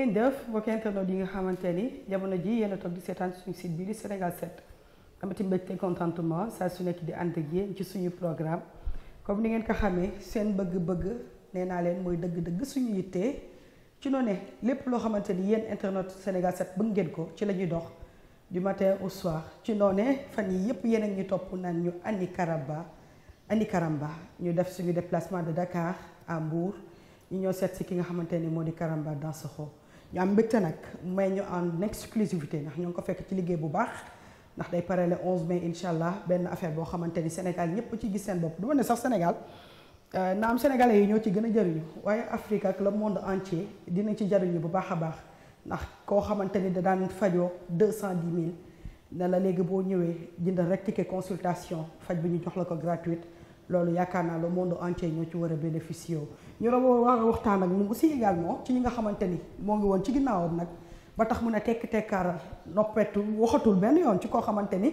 ngeen def mbokk internet yi nga xamante ni jamono ji yéen a toog di seetaan suñu site bii di Sénégal 7 amati mbégte contentement saa su nekk di ànd ak yéen ci suñu programme comme ni ngeen ko xamee seen bëgg-bëgg nee naa leen mooy dëgg-dëgg suñu yittee ci noonu lépp loo xamante ni yéen internet Sénégal 7 bëgg ngeen ko ci la dox du matin au soir ci noonu fan yi yépp yéen a ñu topp naan ñu indi Ani Karamba Ani Karamba ñu def suñu déplacement de Dakar à Mbour ñu ñoo seet si ki nga xamante ni moo di Karamba Dansokho ñu am mbégte nag may ñu en exclusivité ndax ñoo ngi ko fekk ci liggéey bu baax ndax day parele 11 mai incha allah benn affaire boo xamante ni Sénégal ñëpp ci gis seen bopp du ma ne sax Sénégal euh, na am sénégalais yi ñoo ci gën a jëriñu waaye Afrique ak le monde entier dina ci jëriñu bu baax a baax ndax koo xamante ni da daan fajoo 210 000 ne la léegi boo ñëwee jëndal rek ticket consultation faj bi ñu jox la ko gratuite. loolu yaakaar naa le monde entier ñoo ci war a bénéficier wu ñu rawoo war a waxtaan ak moom aussi également ci ñi nga xamante ni moo ngi woon ci ginnaawam nag ba tax mun a tekk tekkaaral noppetu waxatul benn yoon ci koo xamante ni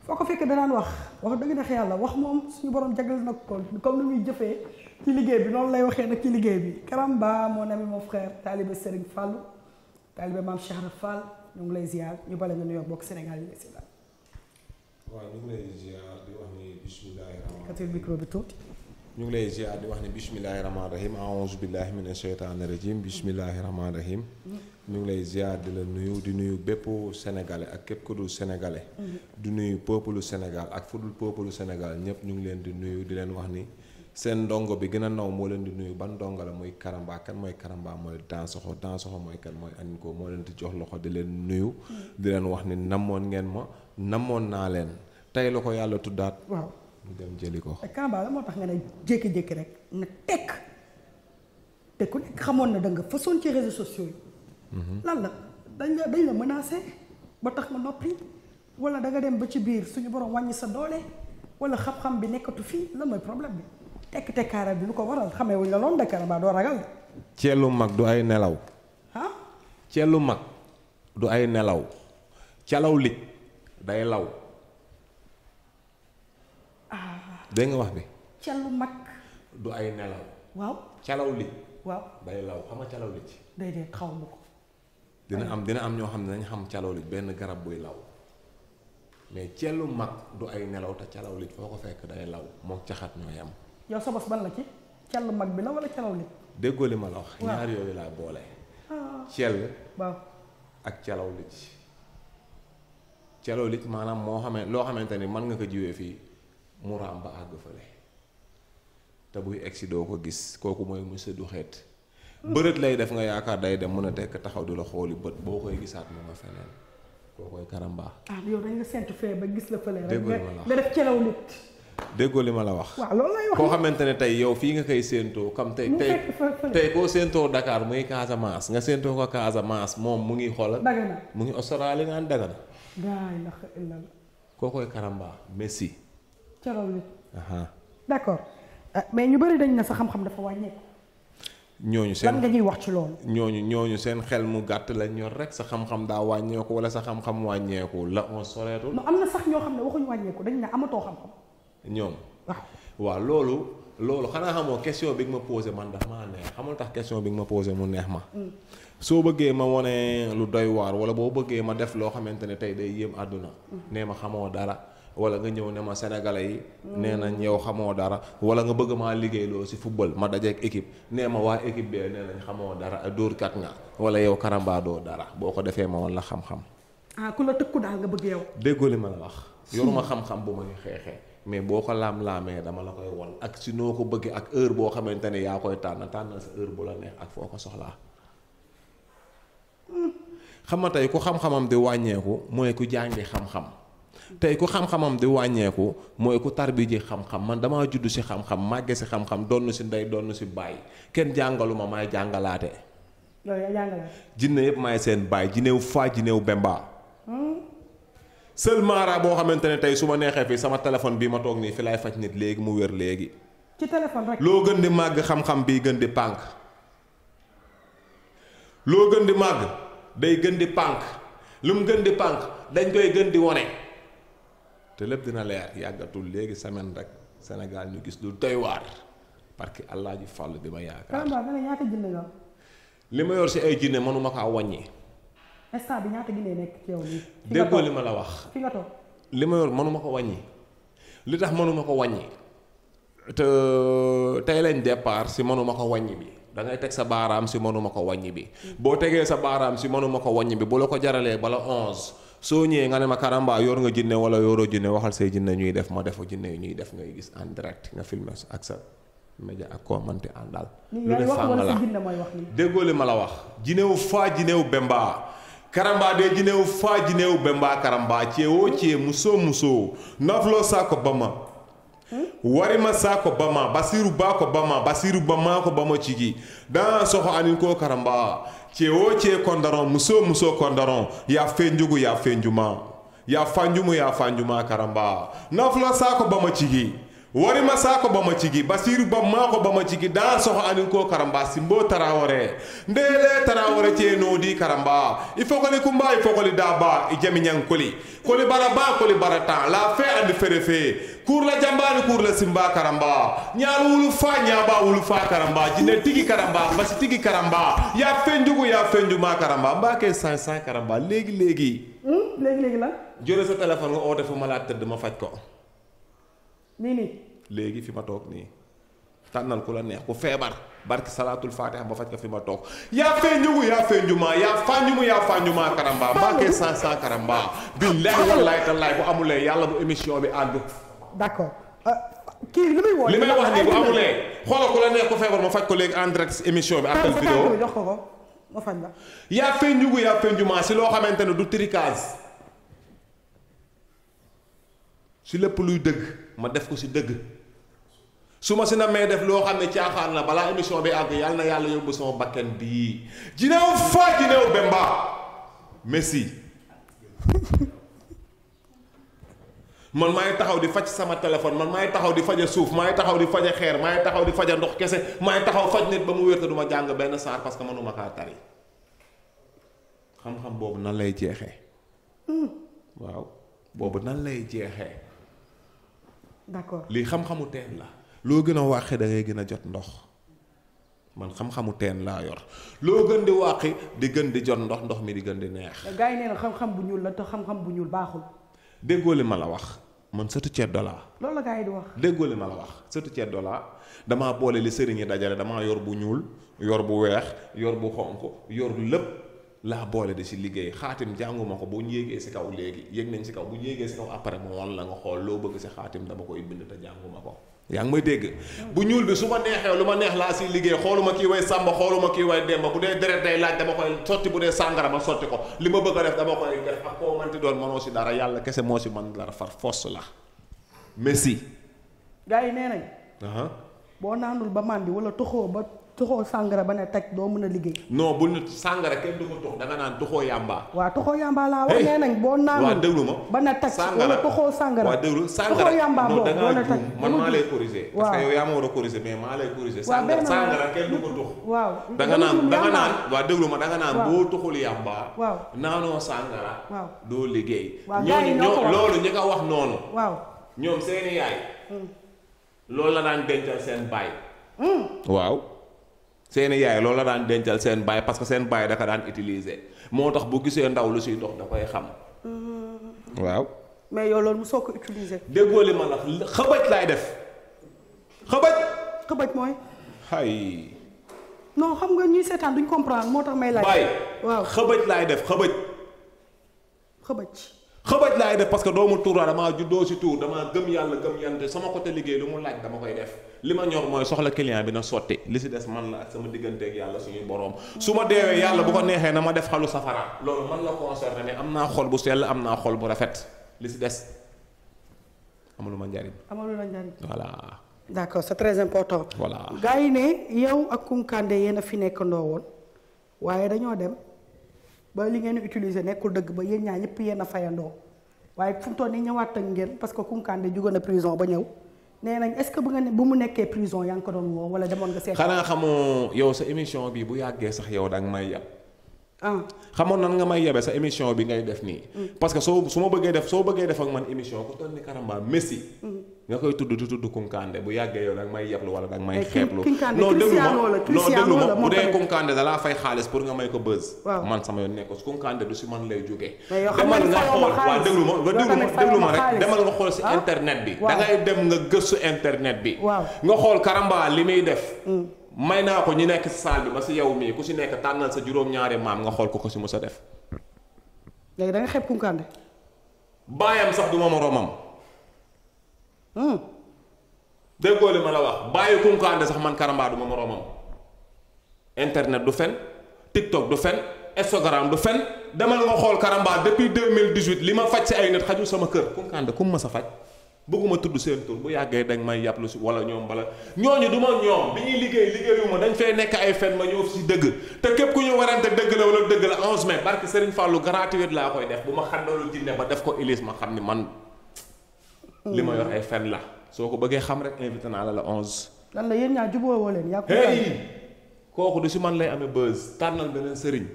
foo ko fekk danaan wax wax dëgg neex yàlla wax moom suñu borom jagleel nag ko comme nu muy jëfee ci liggéey bi noonu lay waxee nag ci liggéey bi Karamba moo ami mon frère taalibe Serigne Fallou taalibe maam Cheikh Fall ñu ngi lay ziar ñu bale nga nuyoo bokk Sénégal yi waaw ñu ngi lay ziar di wax ni bismillahi rahmaani katil micro bi tuuti ñu ngi lay ziar di wax ni bismillahi rahmaani rahim aouzu billahi mina sheytaani rajim ñu ngi lay ziar di la nuyu di nuyu bépp sénégalais ak képp ku dul sénégalais mm-hmm. di nuyu peuple sénégal ak fu dul peuple sénégal ñëpp ñu ngi leen di nuyu di leen wax ni seen ndongo bi gën a naw moo leen di nuyu ban ndongo la muy karambaa kan mooy karamba mooy dansoxo dansoxo mooy kan mooy anin ko moo leen di jox loxo di leen nuyu mm. di leen wax ni namoon ngeen ma namoon naa leen tey la ko yàlla tuddaat waaw ñu dem jëli ko eh, karamba la moo tax nga ne jékki-jékki rek na tekk te ku nekk xamoon na da nga façon ci réseaux sociaux yi mm-hmm. lan la dañ la dañ la menacé ba tax ma noppi wala danga dem ba ci biir suñu borom wàññi sa doole wala xam bi nekkatu fii lan problème bi tekk tekkaaral bi lu ko waral xamee wuñ la loon dëkkara ba doo ragal de. ceelu mag du ay nelaw. ah. lu mag du ay nelaw calaw lig day law. ah. dégg wax bi. ceelu du ay nelaw. waaw calaw lig. waaw law xaw ma ko. dina am dina am ñoo xam ne dañu xam calaw lig benn garab buy law. mais lu mag du ay nelaw te calaw lit foo ko fekk day law mook caxat ñooy am yow sa bos ban la ci cell mag bi la wala cellaw nit déggoo li ma la wax ñaar yooyu laa boole ah. cell waaw ak cellaw nit cellaw nit maanaam moo xame loo xamante ni man nga ko jiwee fii mu raam ba àgg fële te buy egsi doo ko gis kooku mooy mu sëddu xeet bërët lay def nga yaakaar day dem mën a tekk taxaw di la xooli bët boo koy gisaat mu nga feneen koo koy karambaa ah yow dañ la séntu fee ba gis la fële rek nga def cellaw nit déggoo li ma la wax. waaw koo xamante ne tey yow fii nga koy séentoo comme tey tey tey koo séentoo Dakar muy Casamance nga séentoo ko Casamance moom mu ngi xoolal. mu ngi Australie naan Dagana. laa ilaaha illallaah. accord ah, mais ñu bëri dañ na sa xam seen lan nga ñuy wax ci loolu. ñooñu ñooñu seen xel mu gàtt lañ ñor rek sa xam daa wàññeeku wala sa xam wàññeeku la on soreetul. am na sax ñoo xam ne waxuñu wàññeeku dañ ne amatoo xam-xam ñoom. Ah. waaw loolu. loolu xanaa xamoo question bi nga ma posé man dafa maa neex xamul tax question bi nga ma posé mu neex ma. Mm. soo bëggee ma wane lu doy waar wala boo bëggee ma def loo xamante ne tey day yéem àdduna. Mm. nee ma xamoo dara. wala nga ñëw ne ma sénégalais yi. Mm. nee nañ yow xamoo dara. wala nga bëgg maa liggéeyloo si football ma dajeeg équipe nee ma waa équipe bee nee nañ xamoo dara dóor kat nga. wala yow karambaadoo dara boo ko defee ma wan la xam-xam. Ah, ku la tëkku daal nga bëgg yow. déggoo li ma la wax. yoruma xam-xam bu xeexee. mais boo ko laam-laamee dama la koy won ak si noo ko bëggee ak heure boo xamante ne yaa koy tànn tànnal sa heure bu la neex ak foo ko soxlaa xam nga tey ku xam-xamam di wàññeeku mooy ku jàngi xam-xam tey ku xam di wàññeeku mooy ku tarbi ji xam man damaa juddu si xam-xam màgge si xam-xam donn si ndey donn si bàyyi kenn jàngaluma may jàngalaate jinne yëpp may seen bàyyi jineew faa jineew bemba hmm? seul mara boo xamante ne tey su ma neexee fii sama téléphone bi ma toog nii fi laay faj nit léegi mu wér léegi. ci téléphone rek. loo gën di màgg xam-xam bi gën di pànk loo gën di màgg day gën di pànk lu mu gën di pànk dañ koy gën di wone te lépp dina leer yàggatul léegi semaine rek Sénégal ñu gis lu doy waar parce que allah ji fàll bi ma yaakaar. li ma yor si ay jinne mënuma kaa wàññi. instant bi ñaata déggoo li ma la wax li ma yor mënuma ko wàññi li tax mënuma ko wàññi te tey lañ départ si mënuma ko wàññi bi da ngay teg sa baaraam si mënuma ko wàññi bi boo tegee sa baaraam si mënuma ko wàññi bi bu la ko jaralee bala onze soo ñëwee nga ne ma karamba yor nga jinne wala yoroo jinne waxal say jinne ñuy def ma defu jinne yi ñuy def ngay gis en direct nga filmé ak sa média ak koo mënti daal lu ne faa déggoo li ma la wax. jinewu faa jinewu bemba karambaɗeji new faaji new ɓe mba karamba cee muso muso naflo sa ko bama warima sa ko bama basiru ba ko bama cigi dan soho anin ko karamba cee kondaron muso muso kondaron ya fenjugu ya fenjuma ya fanjumu ya fanjuma karamba naflo sa ko bama cigi warima sako bama cigi basiru bam mako bama cigi da soho anin ko karamba simbo tarawore ndele tarawore ceenodi karamba ifokoli kumba ifokoli daba i jamiñankoli koli bara ba koli bara tan la fe andi fere fe kur la jambani kur la simba karamba ñaal wulu fa ñaba wulu fa karamba jine tigi karamba basi tigi karamba ya fenjugu ya fenju ma karamba mbake san san karamba léegi léegi hmm? léegi léegi la jore sa téléphone nga oote fu ma laa tëdd ma faj léegi fi ma toog nii tànnal ku la neex ku feebar barki salaatul faatiha ba faj ko fi ma toog yaa feeñugu yaa feeñuma yaa fañumu yaa fañuma karamba mbaakee sans sans karamba billahi wallahi tallahi bu amulee yàlla bu émission bi àndu d'accord euh, kii li may li may wax nii bu amulee xoolal ku la neex ku feebar ma faj ko léegi en direct émission bi appel vidéo yaa feeñugu yaa feeñuma si loo xamante ne du tricage si lépp luy dëgg ma def ko si dëgg su ma si na mee def loo xam ne caaxaan na balaa émission bi àgg yàlla na yàlla yóbbu sama bakken bii Djinéew Faye Djinéew Bemba Messi man maay taxaw di faj sama téléphone man maay taxaw di faje suuf maay taxaw di faj a xeer maay taxaw di faje ndox kese maay taxaw faj nit ba mu wér te du jàng benn saar parce que mënuma kaa tari xam-xam boobu nan lay jeexee hmm. waaw boobu nan lay jeexee d'accord lii xam-xamu teen la loo gën a wàqi da ngay gën a jot ndox man xam-xamu teen laa yor loo gën di wàqi di gën di jot ndox ndox mi di gën di neex. Eh, gars yi xam-xam bu ñuul la te xam-xam bu ñuul baaxul. déggoo li ma la wax man sëtu ceddo laa. loolu la gars yi di wax. déggoo ma la wax sëtu ceddo laa damaa boole li sëriñ dajale damaa yor bu ñuul yor bu weex yor bu xonq yor lépp. laa boole di si liggéey xaatim jànguma ko bu ñu yéegee si kaw léegi yéeg nañ si kaw bu ñu yéegee si kaw après mu won la nga xool loo bëgg si xaatim dama koy bind te jànguma ko yaa ngi may dégg bu ñuul bi su ma neexee lu ma neex laa si liggéey xooluma kii way sàmba xooluma kii way demba bu dee deret day laaj dama koy sotti bu dee sàngara ma sotti ko li ma bëgg a def dama koy def ak koo manti doon mënoo si dara yàlla kese moo si man dara far force ba màndi wala toxoo ba tuxoo sàngara ba ne taj doo mën a liggéey. non bul ne sàngara kenn du ko tux da naan tuxoo yamba. waa tuxoo yamba laa wax eh, nee nañ boo naanul waaw déglu ma ba ne taj wala tuxoo sàngara sàngara tuxoo yamba boobu doo man maa lay corriger. waaw parce que yow yaa a corriger da nga naan da nga naan ma danga nga naan boo tuxul yamba. waaw naanoo sàngara. waaw doo liggéey. waaw gars yi ñoo wax loolu ñi ko wax noonu. waaw ñoom seeni yaay. Hmm. loolu la naan dencal seen baay. Hmm. waaw seeni yaay loolu la daan dencal seen baay parce que seen baay da ko daan utiliser moo tax bu gisee ndaw lu siy dox da koy xam. waaw. mais yow loolu mu soo ko utiliser. déggoo li ma la xabaj laay def xabaj. xabaj mooy. hay. non xam nga ñuy seetaan duñ comprendre moo tax may. laaj waaw xabaj laay def xabaj. xabaj. xëbaj laay def parce que doomu tuur laa damaa juddoo si tuur damaa gëm yàlla gëm yante sama côté liggéey lu mu laaj dama koy def li ma ñor mooy soxla client bi na sotti li si des man la ak sama digganteek yàlla suñu boroom su ma deewee yàlla bu ko neexee na ma def xalu safara loolu man la concerné mais am naa xol bu sell am naa xol bu rafet li si des amalu ma njariñ amalu la njariñ voilà d'accord c'est très important voilà gars yi ne yow ak Kounkandé yéen a fi nekk ndoo woon waaye dañoo dem ba li ngeen utiliser nekkul dëgg ba yéen ñaa ñëpp yéen a fayandoo waaye fu mu toll nii ñëwaat ak ngeen parce que Kounkandé jóge na prison ba ñëw nee nañ est bu nga ne mu nekkee prison yaa ngi ko doon woo wala demoon nga seet. xanaa xamoo yow sa émission bi bu yàggee sax yow da nga may yàpp Ah. xamoon na nga may yebe sa émission bi ngay def nii. Mm. parce que soo su ma bëggee def soo bëggee def ak man émission ku toll ni Karamba Messi. Mm. nga koy tudd di tudd Kunkande bu yàggee yow nag may yeblu wala nag may eh, xeeblu. non déglu ma non déglu bu dee Kunkande dalaa fay xaalis pour nga may ko buzz. man sama yoon nekkul Kunkande du si man lay jógee. demal nga xool waaw déglu ma déglu ma rek demal nga xool si ah. internet bi. da dem nga gëstu internet bi. nga xool Karamba li muy def. Mm. may naa ko ñu nekk si salle bi ba si yow mii ku si nekk tànnal sa juróom-ñaari maam nga xool ko ko si mu sa def. léegi da nga xeeb Kounkandé. baayam sax du ma moroomam. Hmm. déggoo li ma la wax bàyyi Kounkandé sax man Karamba du ma moroomam. internet du fen TikTok du fen Instagram du fen demal nga xool Karamba depuis 2018 li ma faj si ay nit xajul sama kër Kounkandé kum ma sa faj. bëgguma tudd seen tur bu yàggee dañ may yàpp lu si wala ñoom bala ñooñu du ma ñoom bi ñuy liggéey liggéeyuma dañ fee nekk ay fen ma ñëw si dëgg te képp ku ñu warante dëgg la wala dëgg la 11 mai barke Serigne Fallou gratuit laa koy def bu ma xandalul jinne ba ko Elise ma xam ne man. li ma yor ay fen la soo ko bëggee xam rek invité naa la la 11. lan la yéen ñaa jubóo woo leen. kooku du si man lay amee buzz tànnal beneen Serigne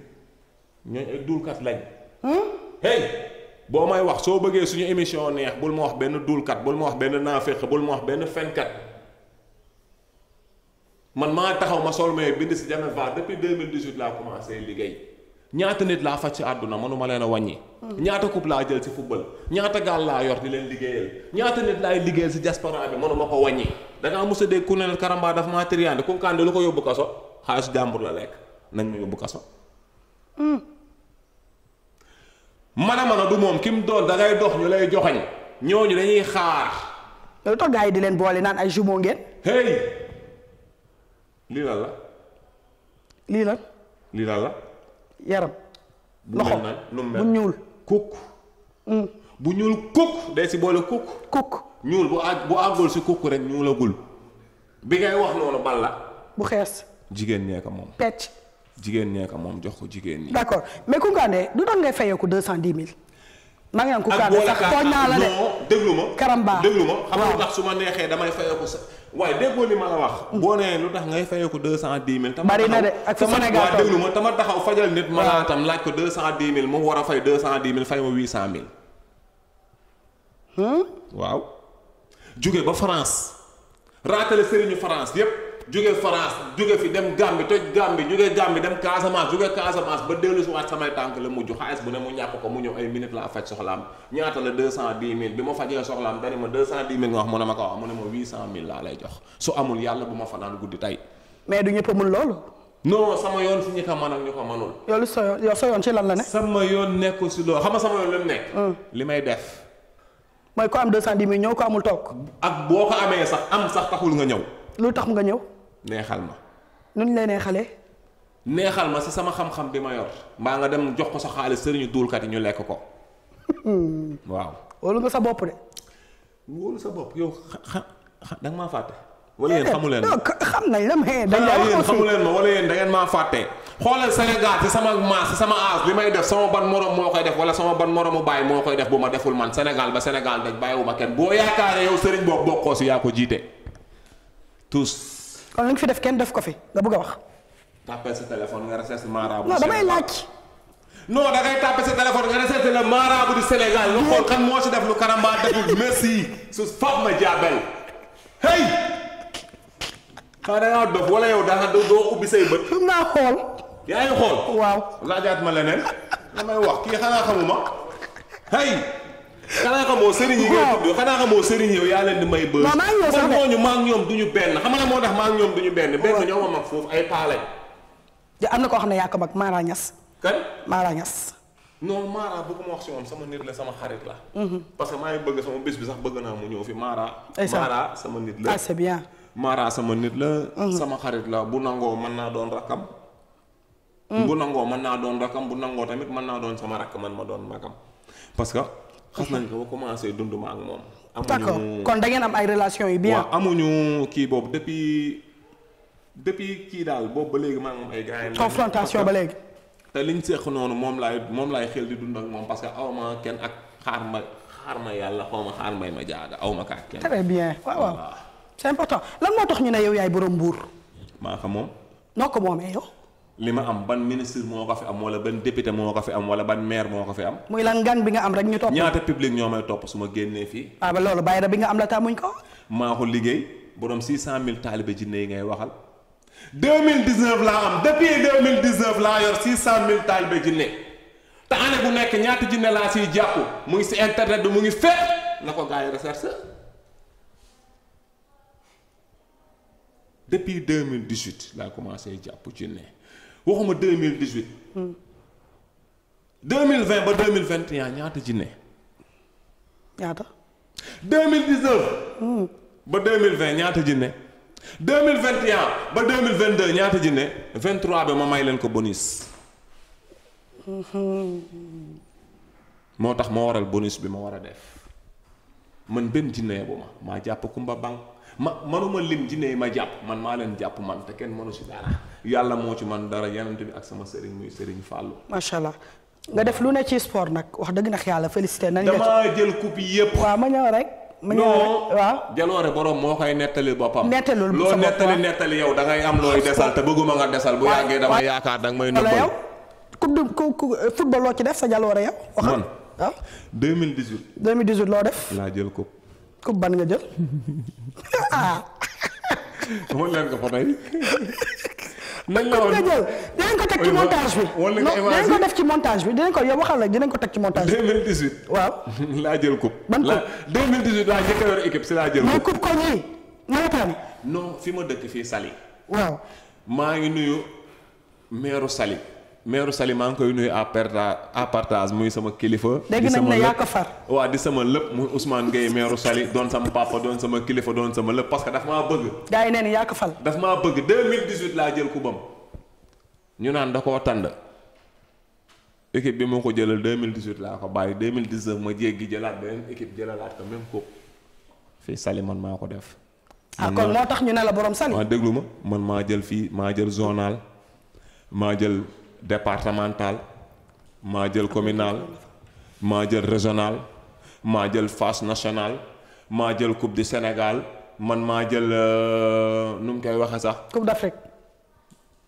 ñooñu ay duulkat lañ. Hmm? hey. boo may wax soo bëggee suñu émission neex bul ma wax benn duulkat bul ma wax benn naaféq bul ma wax benn fenkat man maa taxaw ma sol may bind si Jamel Var depuis 2018 laa commencé liggéey ñaata nit laa faj ci àdduna mënuma leen a wàññi. Hmm. ñaata coupe jël si football ñaata gaal laa yor di leen liggéeyal ñaata nit laay liggéeyal si diaspora bi mënuma ko wàññi. da ngaa mos a dégg ku ne Karamba dafa maa triande Kounkandé lu ko yóbbu kaso xaalisu jàmbur la lekk nañ ma yóbbu kaso. Hmm. mana mana du moom kim mu dangay dox ñu lay joxañ ñi dañuy xaar. loolu yi di leen boole naan ay jumeaux ngeen. hey lii lan la. lii lan. lii la. yaram. loxo bu ñuul kukk mm. bu ñuul kukk day si boole kukk. kukk ñuul bu àgg bu àggul si kukk rek ñuulagul. bi ngay wax noonu bal la. bu xees. jigéen ñee ko moom jigéen nee ko moom jox ko jigéen ñi. d' accord mais Koungheul du tax ngay fayeeku deux cent dix mille. maa ngi naan Koungheul sax tooñ naa la de déglu ma karamba déglu ma xam nga lu tax su ma neexee damay fayeeku sa waaye déggoo li ma wax. boo nee lu tax ngay fayeeku deux cent dix mille. bari na de ak fi Sénégal waaw déglu ma tama taxaw fajal nit malaatam laaj ko deux cent dix mille mu war a fay deux cent dix mille fay ma huit cent mille. Hmm? waaw. jóge ba France raatale sëriñu France yépp jóge France jóge fi dem Gambie toj Gambie jóge Gambie dem Casamance jóge Casamance ba dellu si waat samay tànk la mujj xaalis bu ne mu ñàkk ko mu ñëw ay minutes laa faj soxlaam ñaata la deux cent dix mille bi ma fajee soxlaam dani ma deux cent dix ma ko wax mu ne ma huit cent mille laa lay jox su amul yàlla yoon si ñi ko mën ak ñu ko mënul. yow sa yoon yow sa yoon ci lan la yoon nekkul si loolu xam nga sama yoon lu mm. li may def. mooy ko am deux cent dix ñëw ko amul toog. ak boo ko amee sax am sax taxul nga ñëw. lu tax nga ñëw. neexal ma. nuñ lay xale neexal ma si sama xam-xam bi ma yor. mbaa nga dem jox ko sa xaalis sëriñu duulkat yi ñu lekk ko. Hmm. waaw. wóolu nga sa bopp de. bopp yow xa fàtte. wala yéen eh, xamu leen ma xam nañ la mais. dañ la yéen xamu leen ma wala yéen da ngeen maa fàtte. xoolal Sénégal si sama maas si sama aas li may def sama ban moroom moo koy def wala sama ban moromu bàyyi moo koy def bu ma deful man Sénégal ba Sénégal daj bàyyiwuma kenn boo yaakaaree yow sëriñ boobu bokkoo si yaa ko jiite tous. wala lu nga fi def kenn def ko fi nga bëgg a wax. tàppee sa téléphone nga recherche marabout. non damay Sénégal. nga xool kan moo si def lu Karamba deful merci su fab ma jaabel. hey. xanaa da ngaa dof wala yow daa doo ubbi say bët. xam naa xool. yaa xool. waaw laajaat ma leneen. damay wax kii xanaa xamuma. hey. xanaa xamoo sëriñ yi ngay tudd xanaa xamoo sëriñ yow yaa leen di may bër moom moo ñu maa ngi ñoom du ñu benn xam nga moo tax maa ngi ñoom du ñu benn benn ñoo ma mag foofu ay paalañ am na koo xam ne yaa ko mag Mara Niass kan Mara Niass non Mara bëgguma wax si moom sama nit la sama xarit la mhm. parce que maa ngi bëgg sama bés bi sax bëgg naa mu ñëw fi Mara Mara sama nit la ah c'est bien Mara sama nit la mhm. sama xarit la bu nangoo mën naa doon rakkam mhm. bu nangoo mën naa doon rakkam bu nangoo tamit mën naa doon sama rakk man ma doon magam parce que xas nañ ko ba commencé dund ma ak moom. amuñu d'accord kon da ngeen am ay relation yi bien. amuñu kii boobu depuis depuis kii daal boobu ba léegi maa ngi am ay gars confrontation ba léegi. te liñ seq noonu moom laay moom laay xel di dund ak moom parce que aw kenn ak xaar ma xaar ma yàlla xaw ma xaar may ma jaaga aw ma kaak kenn. très bien waaw waaw. c'est important lan moo tax ñu ne yow yaay borom mbuur. maa ko moom. noo ko moomee yow. li ma am ban ministre moo ko fi am wala ban député moo ko fi am wala ban maire moo ko fi am. muy la ngan bi nga am rek ñu topp. ñaata public ñoo may topp su ma génnee fii. ah ba loolu bàyyi bi nga am la taamuñ ko. maa ko liggéey borom 600000 taalibe jinne yi ngay waxal. 2019 laa am depuis 2019 laa yor 600000 taalibe jinne te année bu nekk ñaata jinne laa siy jàpp mu ngi si internet bi mu ngi fépp na ko gars yi recherche. depuis 2018 laa commencé jàpp jinne. waxuma deux mille dix huit. deux mille vingt ba deux mille vingt et ñaata jinne. ñaata. deux mille dix neuf. Hmm. ba deux mille vingt ñaata jinne. deux mille vingt et ba deux mille vingt deux ñaata jinne vingt trois bi ma may leen ko bonus. moo tax moo waral bonus bi ma war a def man benn jinne bu ma maa jàpp Kumba Bang. ma manuma lim jinne ma jàpp man maa leen jàpp man te kenn mënu si dara yàlla moo ci man dara yenante bi ak sama sëriñ muy sëriñ Fallou macha allah nga def lu ne ci sport nag wax dëgg nag yàlla félicité nañ damaa jël coupe yépp waaw ma rek ma ñëw rek waaw jaloore borom moo koy nettali boppam nettalul loo nettali nettali yow da ngay am looy desal te bëgguma nga desal bu yàggee dama yaakaar da nga may nëbbal yow coupe du coupe loo ci def sa jaloore yow waxal man 2018 ah. 2018 loo def laa jël coupe ku ban nga jël ah. leen ko fa tey. nañ la woon nga jël dinañ ko teg ci montage bi. wan ko def ci montage bi dinañ ko yow waxal rek dinañ ko teg ci montage bi. 2018. waaw laa jël coupe. ban coupe 2018 laa njëkk a yor équipe si laa jël. mais coupe ko ñii nawetaan. non fi ma dëkk fii Saly. waaw. maa ngi nuyu meeru Saly. meeru Saly maa ngi koy nuyu à parta partage muy sama kilifa. dégg nañ ne yaa far waa di sama lépp muy Ousmane Gueye meeru Saly doon sama papa doon sama kilifa doon sama lépp parce que daf maa bëgg. gars yi nee na yaa ko fal. daf maa bëgg 2018 laa jël kubam ñu naan da koo tànd équipe bi moo ko jëlal 2018 laa ko bàyyi 2019 ma jéggi jëlaat beneen équipe jëlalaat ko même ko fii sali man maa ko def. ah kon moo tax ñu ne la borom Saly. maa déglu ma man maa jël fii maa jël zonal maa jël. départemental maa jël communal maa jël régional maa jël phase nationale maa jël coupe du Sénégal man maa jël euh, nu mu koy waxee sax. coupe d'Afrique.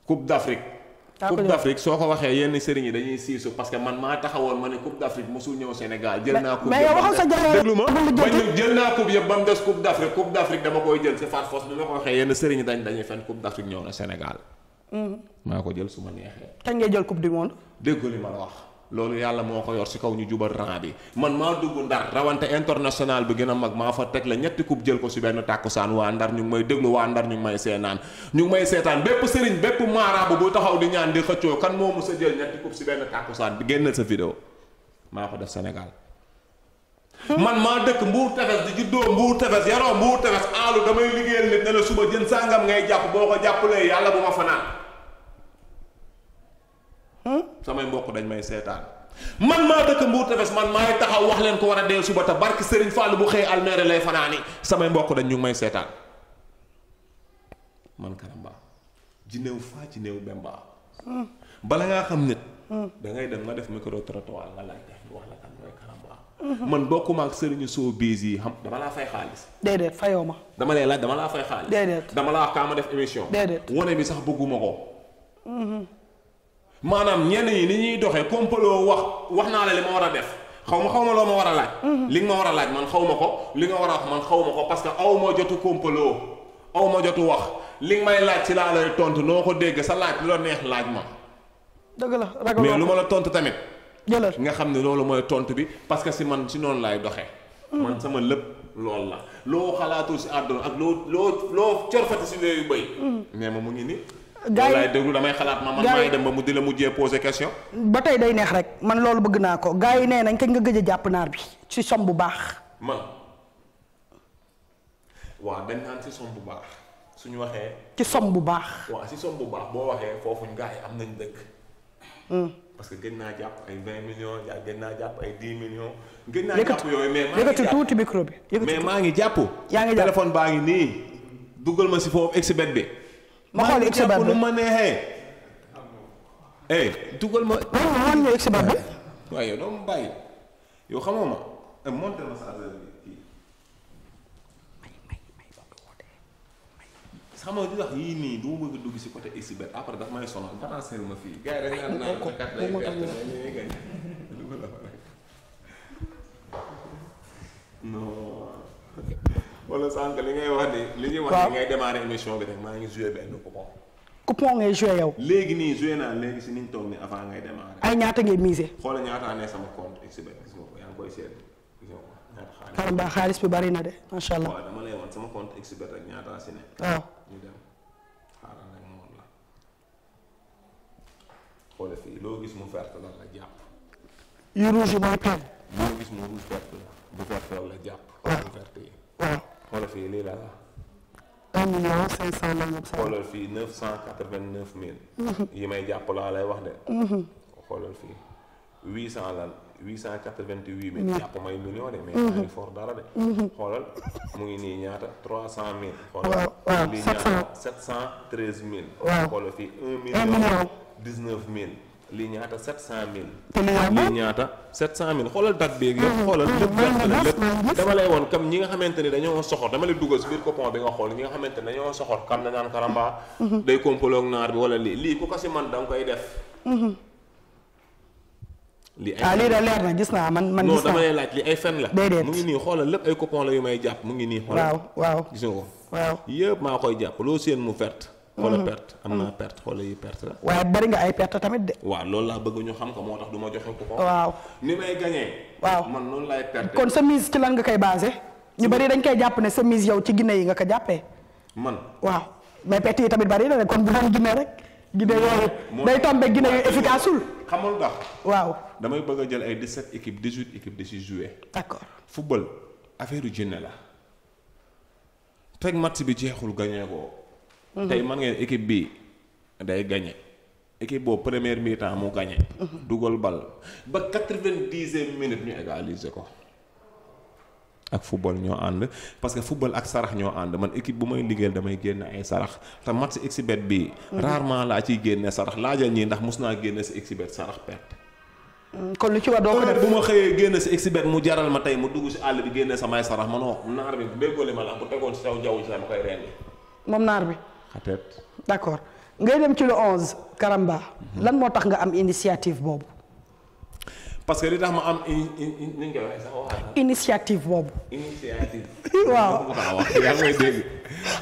coupe d'Afrique. coupe d'Afrique soo ko waxee yenn sëriñ yi dañuy siisu parce man maa taxawoon ma ne coupe d'Afrique mosul ñëw Sénégal jël naa. coupe mais yow waxal sa jël naa coupe yëpp ba mu des coupe d'Afrique coupe d'Afrique dama koy jël si farfosse bi ma ko waxee yenn sëriñ yi dañ dañuy fenn coupe d'Afrique ñëw na Sénégal. Mm-hmm. maa ko jël su ma neexee. kañ ngay jël coupe du monde. dégg li ma la wax. loolu yàlla moo ko yor si kaw ñu jubal rang bi man maa dugg ndar rawante international bi gën a mag maa fa teg la ñetti coupe jël ko si benn tàkkusaan waa ndar ñu ngi may déglu waa ndar ñu ngi may seenaan ñu ngi may seetaan bépp sëriñ bépp maaraabu bu taxaw di ñaan di xëccoo kan moo mës a jël ñetti coupe si benn tàkkusaan bi génnal sa vidéo maa ko def Sénégal. Hmm? man maa dëkk mbuur tefes di juddoo mbuur tefes yaroo mbuur tefes aalu damay liggéeyal nit ne la suba jën sangam ngay samay mbokk dañ may seetaan man maa dëkk Mbour Tefes man maay taxaw wax leen ko war a dee suba te barki Serigne Fall bu xëy almeere lay fanaani samay mbokk dañ may seetaan man Karamba jineew faa jineew bemba bala ngaa xam nit da ngay dem nga def micro trottoir nga laajte wax la kan mooy Karamba man bokkuma ak sëriñu soo bées yi xam dama laa fay xaalis déedéet fayoo ma dama lay laaj dama laa fay xaalis déedéet dama laa wax kaa ma def émission déedéet sax bëgguma ko maanaam ñenn yi ni ñuy doxee kompaloo wax wax naa la li ma war a def xaw ma xaw ma loo ma war a laaj. Mhm. li nga ma war a laaj man xaw ma ko li nga war a wax man xaw ma ko parce que aw ma jotu kompaloo aw ma jotu wax li nga may laaj si laa lay tontu noo ko dégg sa laaj lu la neex laaj ma. la ragal mais lu ma la tontu tamit. jëlal nga xam ne loolu mooy tontu bi parce que si man si noonu laay doxee. Mhm. man sama lépp loolu la loo xalaatul si àdduna ak loo loo loo corfati si wéyu bëy. Mhm. mais ma mu ngi gaa yi laay déglu damay xalaat ma man maa ngi dem ba mu di la mujjee posé question. ba tey day neex rek man loolu bëgg naa ko gaa yi nee nañ kañ nga gëj a jàpp naar bi ci som bu baax. man waaw dañ naan ci som bu baax suñu waxee. ci som bu baax. waaw ci som bu baax boo waxee foofu gaa yi am nañ dëkk. Hmm. parce que gën naa jàpp ay 20 million yaa gën naa jàpp ay 10 million gën naa jàpp yooyu mais maa ngi tuuti micro bi. ngi jàpp. yaa ngi jàpp téléphone baa ngi nii. duggal ma si foofu exhibit bi. ma xool exibab bi ma neexee. Eh, dugal ma. man man exibab bi. waaye yow doo ma bàyyi yow xamoo ma. Eh, monté ma sa affaire bi. xam nga li tax yii nii du ma bëgg a dugg si côté exibab après daf may sonal balancer ma fii. gars yi dañu naan naan ko kat lay perte mais gañ non. wala sànq li ngay wax ni. li ngay démarrer émission bi rek maa ngi joué benn coupon. coupon ngay joué yow. léegi nii joué naa léegi si ni ñu toog avant ngay démarrer. ay ñaata ngay misé. xoolal ñaata ne sama compte si ko yaa ngi koy seet. xaaral ba xaalis bi bari na de macha allah. waaw dama lay wan sama compte expert rek ñaata si ne. waaw ñu dem xaaral rek ma wan la. xoolal fii loo gis mu verte la la jàpp. yu rouge yi mooy tànn. loo gis mu rouge la bu verte la la jàpp. waaw xoolal fii lii laa wax. un million cinq cent nangam sax. xoolal fii neuf cent quatre vingt neuf mille. Mhm. yi may jàpp laa lay wax de. Mhm. xoolal fii huit cent lan huit cent quatre vingt huit mille. Mhm. jàpp may million de. mais maa dara de. xoolal mu ngi nii ñaata trois cent mille. xoolal waaw sept cent mille. un million dix neuf mille. lii ñaata 700000. lii ñaata 700000 xoolal date beeg yëpp ah, xoolal lépp benn ah, ah, lépp dama lay woon kam ñi nga xamante ni dañoo soxor dama lay dugal si biir coupon bi nga xool ñi nga xamante ni dañoo soxor kam na naan karamba mhm. day kompaloog naar bi wala lii lii ku ko si man da nga koy def mhm. li ay lii da leer na gis naa man man gis naa non dama lay laaj li ay fen la déedéet mu ngi nii xoolal lépp ay coupon la yu may jàpp mu ngi nii xoolal waaw waaw gis nga ko waaw yëpp maa koy jàpp loo seen mu verte wala mhm. am naa perte wala yi perte la. waaye bari nga ay perte tamit de. waaw loolu laa bëgg ñu xam ko moo tax du ma joxe ko. waaw ni may gagné. waaw man noonu laay perte. kon sa mise ci lan nga koy basé. ñu bari dañ koy jàpp ne sa mise yow ci Guinée yi nga ko jàppee. man waaw mais perte yi tamit bari na de kon bu doon Guinée rek. Guinée yooyu day tombé Guinée yu efficace ul. xamul ndax. waaw damay bëgg a jël ay 17 équipes 18 équipes di si jouer. d'accord football affaire yu jinne la. teg match bi jeexul gagné ko. tey mën ngeen équipe bi day gagné équipe boobu première mi mu gagné. Mhm. dugal bal ba quatre-vingt-dixième minute ñu égaliser ko. ak football ñoo ànd parce que football ak sarax ñoo ànd man équipe bu may liggéeyal damay génne ay sarax te mat si xibet bii. Mhm. rarement laa ciy génne sarax laajal ñii ndax mos naa génne si xibet sarax perte. Mm, kon lu ci war doo ko def bu ma xëyee génne si xibet mu jaral ma tey mu dugg si àll bi génne samay sarax ma noo naar bi déggoo li ma la bu tegoon si saw jaww ji ma naar bi. peut-être d'accord ngay dem ci le onze Karamba mhm. lan moo tax nga am initiative boobu parce que li tax ma am initiative boobu waaw yaa ngi dégg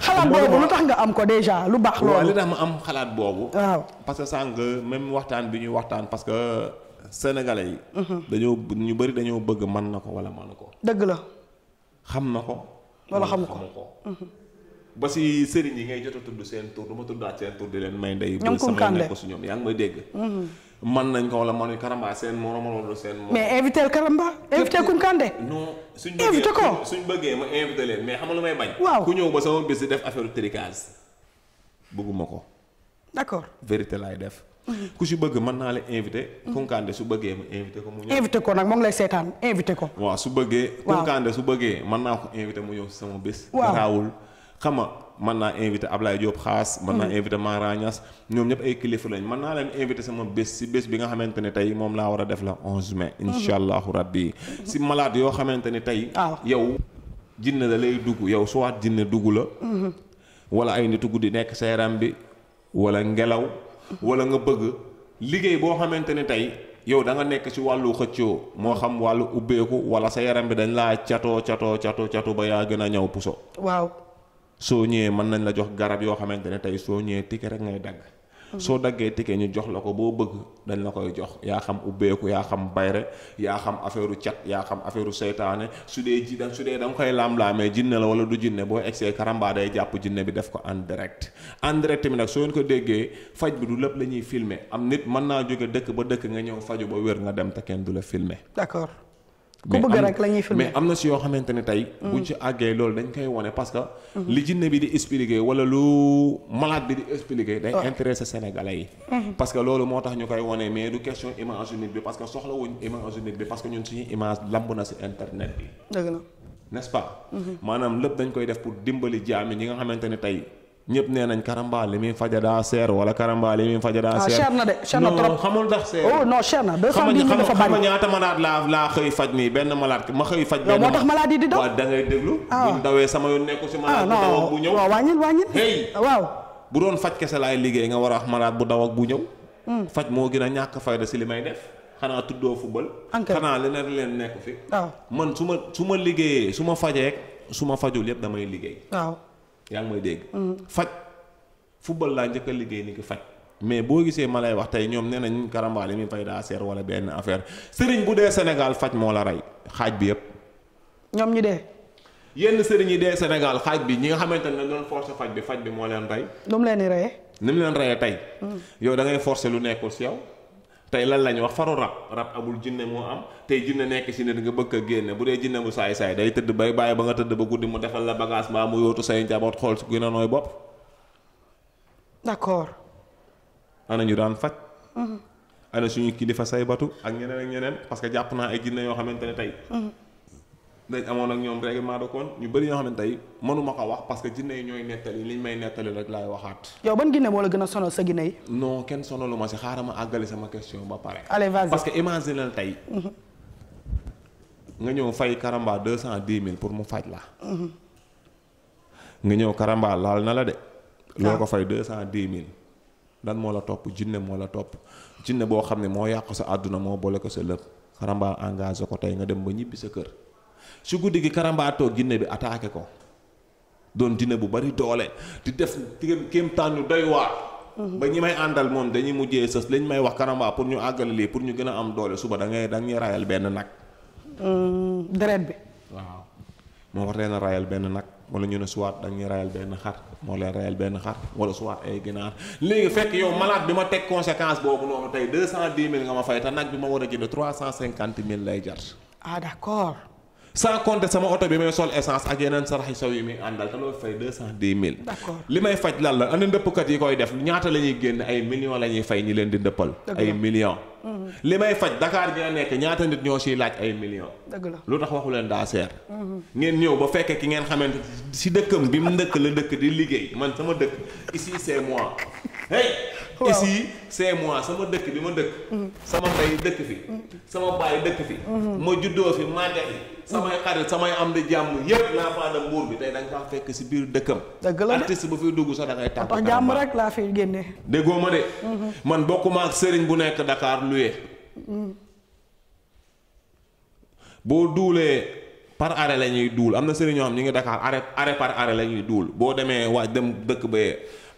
xalaat boobu lu tax nga am ko déjà lu baax loolu li tax ma am xalaat boobu waaw parce que sànq même waxtaan bi ñuy waxtaan parce que sénégalais yi mhm. dañoo ñu bëri dañoo bëgg man na ko wala man ko dëgg la xam na ko wala xamu ko mhm. ba si sëriñ yi ngay jot a tudd seen tur du ma tuddaat seen tur di leen may ndey bu sama nekk su mhm. nañ ko wala manu karamba seen moro moro seen moro mais invité karamba invité kunkande non suñ bëggee invité ma invité leen mais xam nga lu may bañ waaw ku ñëw def affaire tricage bëgguma ko d'accord vérité laay def mhm. ku si bëgg mën naa la invité mhm. kunkande su bëggee ma invité ko mu ñëw invité ko nag moom lay seetaan invité ko waaw su bëggee kunkande su bëggee mën naa ko invité mu ñëw si sama bis raawul xam nga mën naa invité Ablaye Diop xaas mën naa hmm. invité Mara Niass ñoom ñëpp ay kilifa lañ mën naa leen invité sama bés si bés bi nga xamante ne tey moom laa war a def la 11 mai hmm. incha allahu rabbi si malade yoo xamante ni tey ah. yow jinne la lay dugg yow suwaat jinne dugg la hmm. wala ay nitu guddi nekk sa yaram bi wala ngelaw wala nga bëgg liggéey boo xamante ne tey yow da nga nekk ci wàllu xëccoo moo xam wàllu ubbeeku wala sa yaram bi dañ laa catoo catoo catoo catoo ba yaa gën a ñëw puso soo ñëwee mën nañ la jox garab yoo xamante ne tey soo ñëwee ticket rek ngay dagg. Mm-hmm. soo daggee ticket ñu jox la ko boo bëgg dañ la koy jox yaa xam ubbeeku yaa xam bayre yaa xam affaireu cat yaa xam affaireu seytaane su dee ji su dee da nga koy laam-laamee jinne la wala du jinne boo egsee karamba day jàpp jinne bi def ko en direct en direct nag soo ko déggee faj bi du lépp la ñuy filmer am nit mën naa jóge dëkk ba dëkk nga ñëw faju ba wér nga dem te kenn du la filmer d'accord ku bëgg rek la ñuy filmé mais am na si yoo xamante ne tey. Mm. buñ ci àggee loolu dañ koy wane parce que. Mm-hmm. li jinne bi di expliquer wala lu malade bi di expliquer. day intéressé Sénégalais yi. Mm-hmm. parce que loolu moo tax ñu koy wane mais du question image nit bi parce que soxla wuñ image nit bi parce que ñun image lamb na si internet bi. dëgg la nest pas. Mm-hmm. maanaam lépp dañ koy def pour dimbali jaam ñi nga xamante ne tey. ñëpp nee nañ karambaal li muy faja daa seer wala karambaal li muy faja daa ah, seer. cher na de cher na trop non xamul ndax seer. oh non cher na 210 000 dafa bari xam nga ñaata malade laa laa xëy faj nii benn malade ma xëy faj. benn moo tax malade yi di daw waaw da ngay déglu. ah bu dawee sama yoon nekkul si malade. Ah, bu daw ak bu ñëw waaw wàññil wàññil. waaw bu doon faj kese laay liggéey nga war a wax malade bu daw ak bu ñëw. Hmm. faj moo gën a ñàkk fayda si li may def. xanaa tuddoo football. xanaa leneen leen nekk fi. Ah. man su ma su ma liggéeyee su ma fajee su ma fajul yëpp damay liggéey. waaw yaa ngi may dégg. Mm. faj fubal laa njëkk a liggéey ni ki faj. mais boo gisee ma lay wax tey ñoom nee nañ karambaali mi fay daa seer wala benn affaire sëriñ bu dee Sénégal faj moo la rey xaaj bi yëpp. ñoom ñi dee. yenn sëriñ yi dee Sénégal xaaj bi ñi nga xamante ne doon forcer faj bi faj bi moo leen rey. nu mu leen di reyee. ni mu leen reyee tey. Mm. yow da ngay forcer lu nekkul si yow. tey lan lañ wax faru rab rab amul jinne moo am tey jinne nekk si nit nga bëgg a génne bu dee jinne mu saay saay day tëdd bay bàyyi ba nga tëdd ba guddi mu defal la bagage mbaa mu yóotu say njaboot xool si gën a nooy bopp. d'accord. ana ñu daan faj. Mhm. ana suñu kilifa say batu ak ñeneen ak ñeneen parce que jàpp naa ay jinne yoo xamante ne tey. Mhm. dañ amoon ak ñoom règlement de compte ñu bëri ñoo xam ne tey mënuma ko wax parce que jinne yi ñooy nettali liñ may nettali rek laay waxaat. yow ban ginne moo la gën a sonal sa ginne yi. non kenn sonalu ma si xaaral ma àggali sama question ba pare. allez vas-y parce que imagine la tey. Mhm. nga ñëw fay karamba deux cent dix mille pour mu faj la. Mhm. ñëw karamba laal na la de. Ah. loo ko fay deux cent dix mille. dan moo la topp jinne moo la topp jinne boo xam ne moo yàq sa àdduna moo boole ko sa lépp karamba engagé ko tey nga dem ba ñibbi sa kër. su guddi gi karambaatoo ginne bi attaqué ko doon dina bu bari doole di def kéemtaan yu doy waar mhm. ba ñi may àndal moom dañuy mujjee sës lañ may wax karamba pour ñu àggale lii pour ñu gën a am doole suba da ngay da ngay rayal benn nag mm, deret bi waaw moo war leen rayal benn nag wala ñu ne suwaat da ngay rayal benn xar moo leen rayal benn xar wala suwaat ay ginaar léegi fekk yow malade bi ma teg conséquence boobu noonu tey deux cent dix mille nga ma fay te nag bi ma war a jënd trois cent cinquante mille lay jar ah, sans compter sama oto bi may sol essence ak yeneen sarax yu saw yi muy àndal te loolu fay deux cent dix mille. li may faj lan la ana ndëppkat yi koy def ñaata la ñuy génn ay millions la ñuy fay ñi leen di ndëppal. ay millions. Mm. li may faj dakaar gi nga nekk ñaata nit ñoo siy laaj ay millions. dëgg la lu tax waxu leen daa seer. Mm-hmm. ngeen ñëw ba fekkee ki ngeen xamante si dëkkam bi mu dëkk la dëkk di liggéey man sama dëkk ici c'est moi. hey ici c'est sama dëkk bi ma dëkk. Mm. sama mbay dëkk fi. Mm. sama baay dëkk fi. Mm-hmm. ma juddoo fi màgge samay xarit samay am di jàmm yëpp laa faana mbuur bi tey da nga faa fekk si biir dëkkam. dëgg la artiste bu fiy dugg sax da ngay tànk. jàmm rek laa fi génne. déggoo ma de. Mhm. man bokkuma ak sëriñ bu nekk Dakar luye. Mhm. boo duulee par arrêt la ñuy duul am na sëriñoo xam ñu ngi Dakar arrêt arrêt par arrêt la ñuy duul boo demee waa dem dëkk bee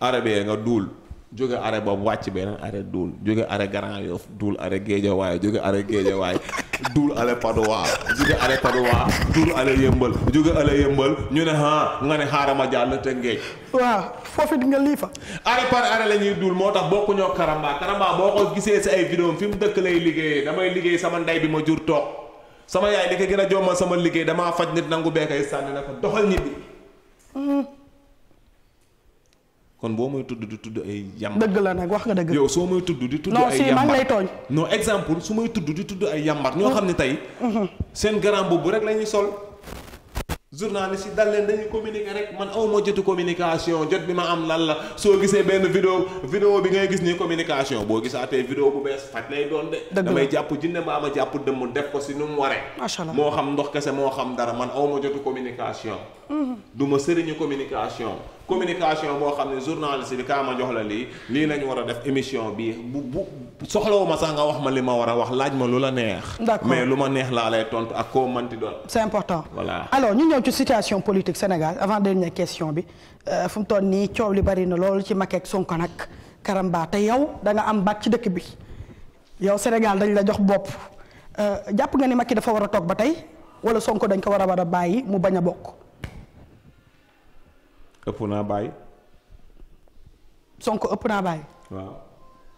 arrêt nga duul. jóge arrêt boobu wàcc benn arrêt duul jóge arrêt Grand Yoff duul arrêt Géejawaay jóge arrêt Géejawaay duul arrêt Padois jóge arrêt Padois duul arrêt yëmbal jóge arrêt yëmbal ñu ne ah nga ne xaaral ma jàll te ngeej waaw foofu it nga lii fa arrêt par arrêt la ñuy duul moo tax bokku ñoo Karamba Karamba boo ko gisee si ay vidéo fi mu dëkk lay liggéeyee damay liggéey sama ndey bi ma jur toog sama yaay li ko gën a jommal sama liggéey damaa faj nit nangu beekay sànni na ko doxal kon boo may tudd di tudd ay yàmbar. dëgg la nag wax nga dëgg. yow soo may tudd di tudd ay yàmbar non si man su may tudd di tudd ay yàmbar. ñoo mm-hmm. xam ne tey. Mm-hmm. seen garam boobu rek la ñuy sol. journaliste yi dal leen dañuy communiquer rek man aw ma jotu communication jot bi ma am lan la soo gisee benn vidéo vidéo bi ngay gis ni communication boo gisaatee vidéo bu bees faj lay doon de. damay jàpp jinne mbaa a jàpp dëmm def ko si nu mu waree. macha allah moo xam ndox kese moo xam dara man aw ma jotu communication. Mm-hmm. du ma sëriñu communication. communication boo xam ne journaliste bi kaa ma jox la lii lii lañ war a def émission bi bu bu soxlawu ma sax nga wax ma li ma war a wax laaj ma lu la neex. d'accord mais lu ma neex laa lay tontu ak koo manti doon. c'est important voilà. alors ñu ñëw ci situation politique Sénégal avant dernière question bi euh, fu mu toll nii coow li bari na lool ci Macky ak Sonko nag Karamba te yow danga am baat ci dëkk bi yow Sénégal dañ la jox bopp euh, jàpp nga ni Macky dafa war a toog ba tey wala Sonko dañ ko war a war a bàyyi mu bañ a bokk. ëpp naa bàyyi. Sonko ëpp naa bàyyi. waaw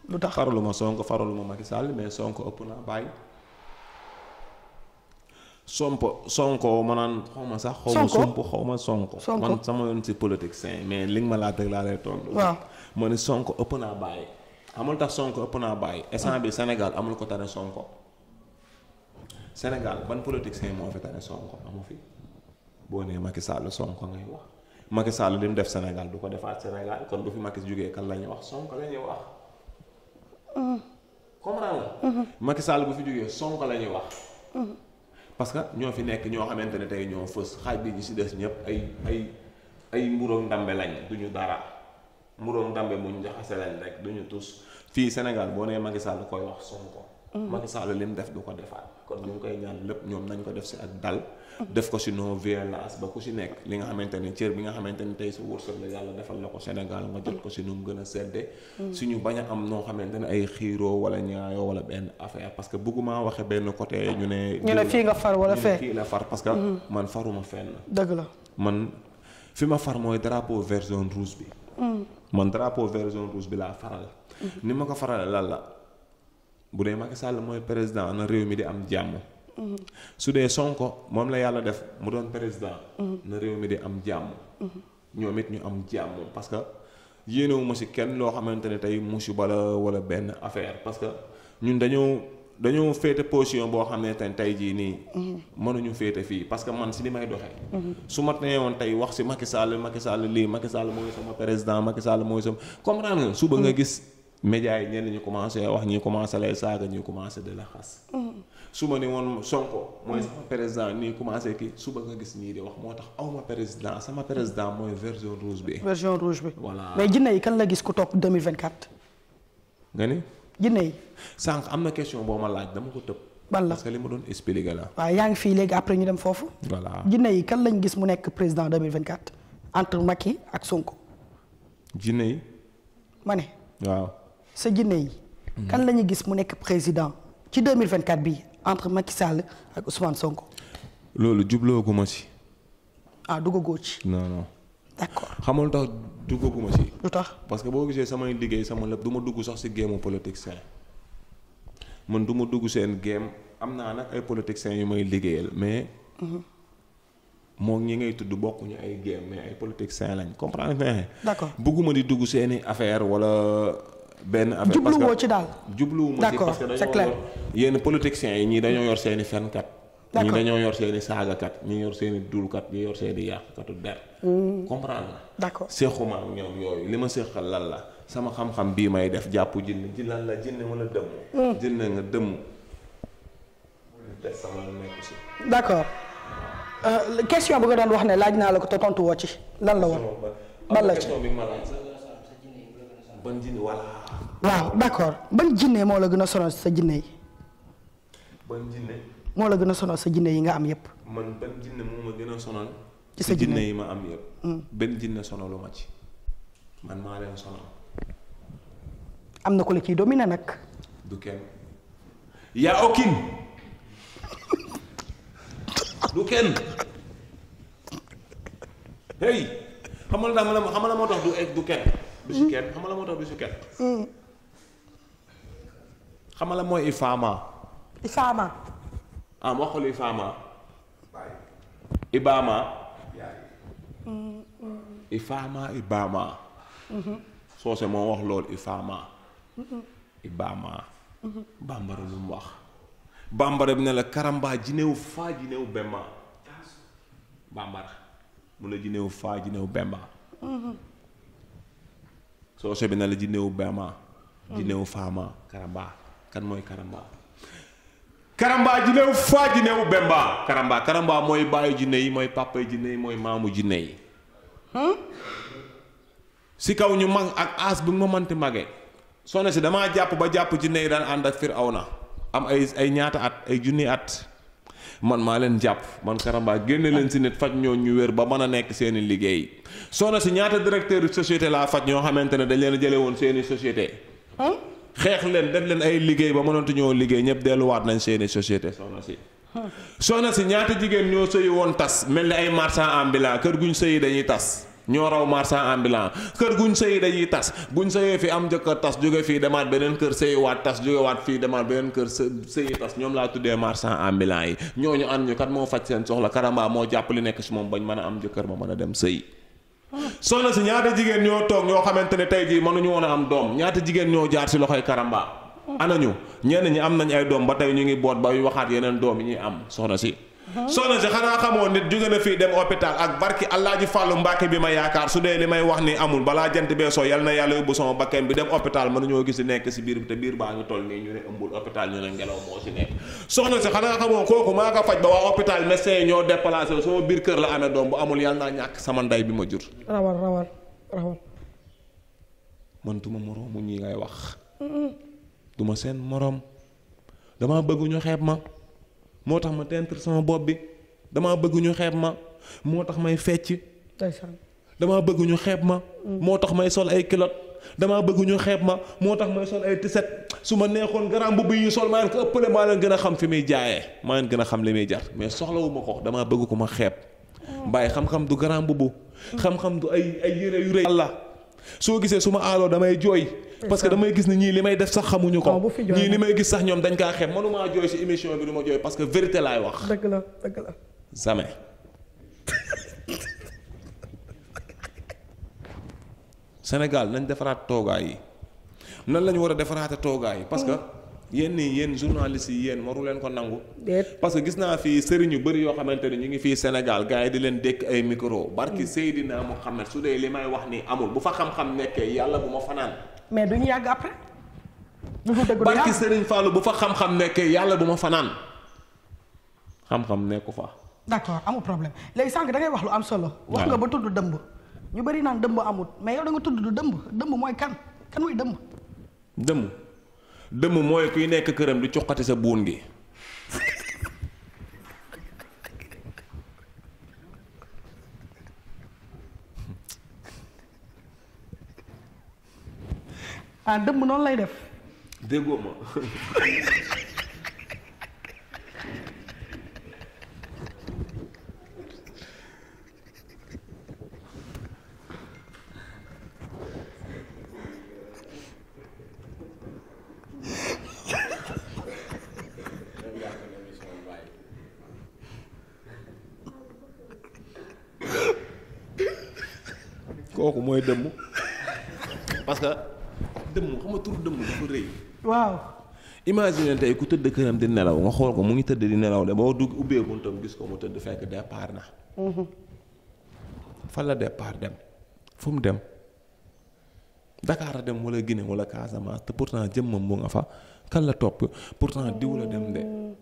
lu tax faralu ma Sonko faralu ma Macky Sall mais Sonko ëpp naa bàyyi. sompo sonko ma naan xaw ma sax. xaw ma sump xaw ma sonko. man sama yoon si politique sain mais li nga ma laaj rek laa lay tontu. waaw ma sonko ëpp naa bàyyi. amul tax sonko ëpp naa bàyyi. instant bi Sénégal amul ko tane sonko. Sénégal ban politique sain moo fi boo nee Macky Sall sonko ngay wax. Macky Sall li def Sénégal du ko defaat Sénégal kon du fi Macky jógee kan la ñuy wax sonk la ñuy wax. comprendre bu fi jógee Sonko la ñuy wax. parce que ñoo fi nekk ñoo xamante ne tey ñoo fës xaaj bi ñu si des ñëpp ay ay ay mburoog ndambe lañ duñu dara mburoog ndambe bu ñu jaxase lañ rek duñu tus fii Sénégal boo nee Macky Sall koy wax Sonko. Macky Sall li mu def du ko defaat kon ñu koy ñaan lépp ñoom nañ ko def si ak dal. def ko si non violence ba ku si nekk li nga xamante ni cër bi nga xamante ni tey sa wërsëg la yàlla defal la ko Sénégal nga jot ko si nu mu gën a sedde mm. suñu bañ a am noo xamante ne ay xiiroo wala ñaayoo wala benn affaire parce que bëgguma waxe benn côté ñu ne ñu ne fii nga far wala fee fii la far parce que mm. man faruma fenn dëgg la man fi ma far mooy drapeau vert jaune rouge bi mm. man drapeau vert jaune rouge bi laa faral mm-hmm. ni ma ko farale lal la bu dee Macky Sall mooy président na réew mi di am jàmm su dee Sonko moom la yàlla def mu doon président. na réew mi di am jàmm. ñoom it ñu am jàmm parce que yéenewu ma si kenn loo xamante ne tey musiba bala wala benn affaire parce que ñun dañoo dañoo féete position boo xam ne tey jii nii. mënuñu féete fii parce que man si li may doxee. su ma nee woon tey wax si Macky Sall Macky Sall lii Macky Sall mooy sama président Macky Sall mooy sama comme nga suba nga gis. média yi ñenn ñu commencé wax ñi commencé lay saaga ñi commencé di su ma ne woon Sonko mooy sama président nii commencé kii suba nga gis nii di wax moo tax awma président sama président mooy version rouge bi. version rouge bi voilà mais jinne yi kan la gis ku toog 2024. nga ni. jinne yi. sànq am na question boo ma laaj dama ko tëb. ban la li ma doon expliqué la. waaw yaa ngi fii léegi après ñu dem foofu. voilà jinne yi kan lañu gis mu nekk président 2024 entre Macky ak Sonko. jinne yi. ma ne. waaw sa jinne yi. Hmm. kan la ñu gis mu nekk président ci 2024 bii. entre Macky Sall ak Ousmane Sonko. loolu jubloo ko ma si. ah duggagoo ci. non non. d'accord xamul tax duggagoo ma si. lu tax parce que boo gisee samay liggéey sama lépp du ma dugg sax si géemu politicien man du ma dugg seen géem am naa nag ay politiciens yu may liggéeyal mais. Mhm. moom ñi ngay tudd bokkuñu ay géem mais ay politiciens lañ comprendre nga. d'accord bugguma di dugg seeni affaire wala. benn affaire jubluwoo ci daal. jubluwuma ci parce que dañoo yor yéen yi ñii dañoo yor seeni i fenkat ñii dañoo yor seeni i saagakat ñii yor seeni i dulkat ñii yor seen i yàqkatu der. Mm. comprendre nga. d'accord seexuma ñoom yooyu li ma seexal lan la sama xam-xam bii may def jàpp jinn ji lan la jinn wala dëmm. Mm. jinn nga dëmm. des sama nekk si. d'accord euh, question bu nga doon wax ne laaj naa la ko te tontu woo ci lan la woon. ban la ci ban waaw d'accord ban jinne moo la gën a sonal sa jinne yi. ban jinne. moo la gën a sono sa jinne yi nga am yépp. man ban jinne moo ma ci sa yi ma am yépp. Mm. benn jinne sonalu ci man maa leen sonal. am na ko la ciy dominer nag. du kenn. yaa okin du kenn. hey xamal la ma xamal la moo tax du egg du kenn. du si mm. kenn xamal la moo tax du si kenn. Mm. xam nga la mooy Ifaama. Ifaama. ah ma xool Ifaama. Ibaama. Mm-hmm. Ifaama Ibaama. Mm-hmm. soose moo wax mm-hmm. bambara lu wax. bambara bi ne la karamba jineew faa jineew bemba. bambara mu la jineew faa jineew bemba. soose bi ne la jineew bemba. jineew faama karamba. kan mooy karamba karamba ji newu faa ji newu bemba karamba mooy baayu jinne yi mooy pàppay jinne yi mooy maamu jinne yi hmm? si kaw ñu mag ak aas bi ma manti mage soxna si damaa jàpp ba jàpp jinne yi daan ànd ak na am ay ay ñaata at ay junni at man maa leen jàpp man karamba génne leen si nit faj ñoo ñu wér ba mën a nekk seeni liggéey soxna si ñaata directeur société laa faj ñoo xamante ne dañ leen a jële woon seeni société hmm? xeex leen def leen ay liggéey ba mënatu ñoo liggéey ñëpp delluwaat nañ seeni société soxna si soxna si ñaata jigéen ñoo sëyi woon tas mel ni ay marchand ambulant kër guñ sëy dañuy tas ñoo raw marchand ambulant kër guñ sëy dañuy tas bu buñ sëyee fi am jëkkër tas jóge fii demaat beneen kër sëyiwaat tas jógewaat fii demaat beneen kër sëyi tas ñoom laa tuddee marchand ambulant yi ñooñu ànd ñu kat moo faj seen soxla karamba moo jàpp li nekk si moom bañ mën a am jëkkër ba mën a dem sëyi soxna si ñaata jigéen ñoo toog ñoo xamante ne tey jii mënuñu woon a am doom ñaata jigéen ñoo jaar si loxoy karamba. anañu ñeen ñi am nañ ay doom ba tey ñu ngi boot ba yu waxaat yeneen doom yi ñuy am soxna si. soxna si xanaa xamoo nit jóge na fii dem hôpital ak barki Alaaji Fàllu Mbàkke bi ma yaakaar su dee li may wax ni amul balaa jant bee soo yal na yàlla yóbbu sama bakkan bi dem hôpital mënuñoo gis di nekk si biir bi te biir baa ngi toll nii ñu ne ëmbul hôpital ñu ne ngelaw moo si nekk soxna si xanaa xamoo kooku maa ko faj ba waa hôpital médecin yi ñoo déplacé sama biir kër la amee doom bu amul yal naa ñàkk sama nday bi ma jur rawal rawal rawal man duma moroom ñi ngay wax duma seen moroom dama bëgg ñu xeeb moo tax ma tentre sama bopp bi damaa bëgguñu ñu ma moo tax may fecc. damaa bëgg ñu xeeb ma. moo tax may mm. sol ay kilot damaa bëgg ñu xeeb ma moo tax may sol ay tiset su ma neexoon garaam bu yi sol maa leen ko ëppale maa leen gën a xam fi muy jaayee maa leen gën a xam li muy jar mais soxlawu ko damaa bëgg ko ma xeeb. Oh. mbaay xam-xam du garaam mm. bu xam-xam du ay ay yére yu rëy. Allah soo gisee su ma aaloo damay jooy. parce que damay gis ne ñii li may def sax xamuñu ko. ñii li may gis sax ñoom dañ kaa xem mënumaa jooy si émission bi du ma jooy parce que vérité laay wax. dëgg la dëgg la. jamais. Sénégal nañ defaraat toogaay yi nan lañu war a defaraate toogaay yi parce que. Oh. yéen nii yéen journaliste yi yéen waru leen ko nangu. parce que gis naa fi sëriñ yu bëri yoo xamante ni ñu ngi fii Sénégal gars yi di leen dékk ay micro. barki hmm. Seydina Mouhamed su dee li may wax nii amul bu fa xam-xam nekkee yàlla bu ma fanaan. mais duñu yàgg après. barki sëriñ Fallou bu fa xam-xam nekkee yàlla fanaan xam nekku fa. d'accord amul problème léegi sànq da ngay wax lu am solo. wax nga ba tudd dëmb. ñu bëri naan dëmb amut mais yow da nga tudd du dëmb dëmb mooy kan kan mooy dëmb. dëmb. dëmm mooy kuy nekk këram di cuqati sa buun gi ah, dëmm noonu lay def déggoo ma kooku mooy dëmm parce que dëmm xam nga tur dëmm dafa rëy. waaw. imagine tey ku tëdd këram di nelaw nga xool ko mu ngi tëdd di nelaw de boo dugg ubbee buntam gis ko mu tëdd fekk départ na. Mhm. fan la départ dem fu dem Dakar a dem wala Guinée wala Casamance te pourtant jëmmam mu nga fa kan la topp pourtant diw la dem de mm.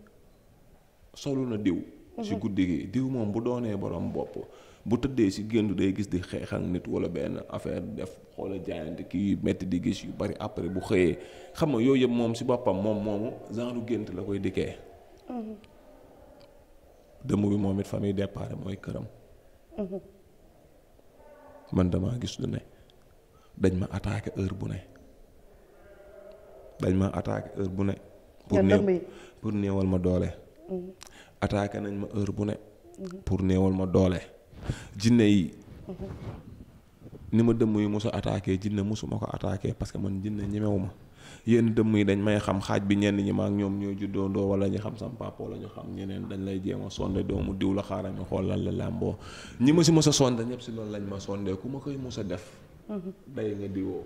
solu na diw. si mhm. guddi gi diw moom bu doonee borom bopp bu tëddee si géndu day gis di xeex nit wala benn affaire def xoola jaayante kii métti di gis yu bari après bu xëyee xam nga yooyu yëpp moom si boppam moom moomu genre gént la koy dikkee. Mhm. dëmb bi moom it fa muy mooy këram. Mhm. man damaa gis lu ne dañ ma attaqué heure bu ne dañ ma attaqué heure bu ne. pour néew néewal ma doole. attaqué nañ ma heure bu ne. Mhm. pour néewal ma doole. jinne yi. ni ma dëmm yi mos a attaqué jinne mosuma ko attaqué parce que man jinne ñemewu ma yéen dëmm yi dañ may xam xaaj bi ñenn ñi ma ak ñoom ñooy juddoondoo wala ñu xam sam papa la ñu xam ñeneen dañ lay jéem a sonde doomu diw la xaaral ñu xool lan la làmboo ñi ma si mos a sonde ñëpp si loolu lañ ma sondee ku ma koy mos a def. Mhm. day nga diwoo.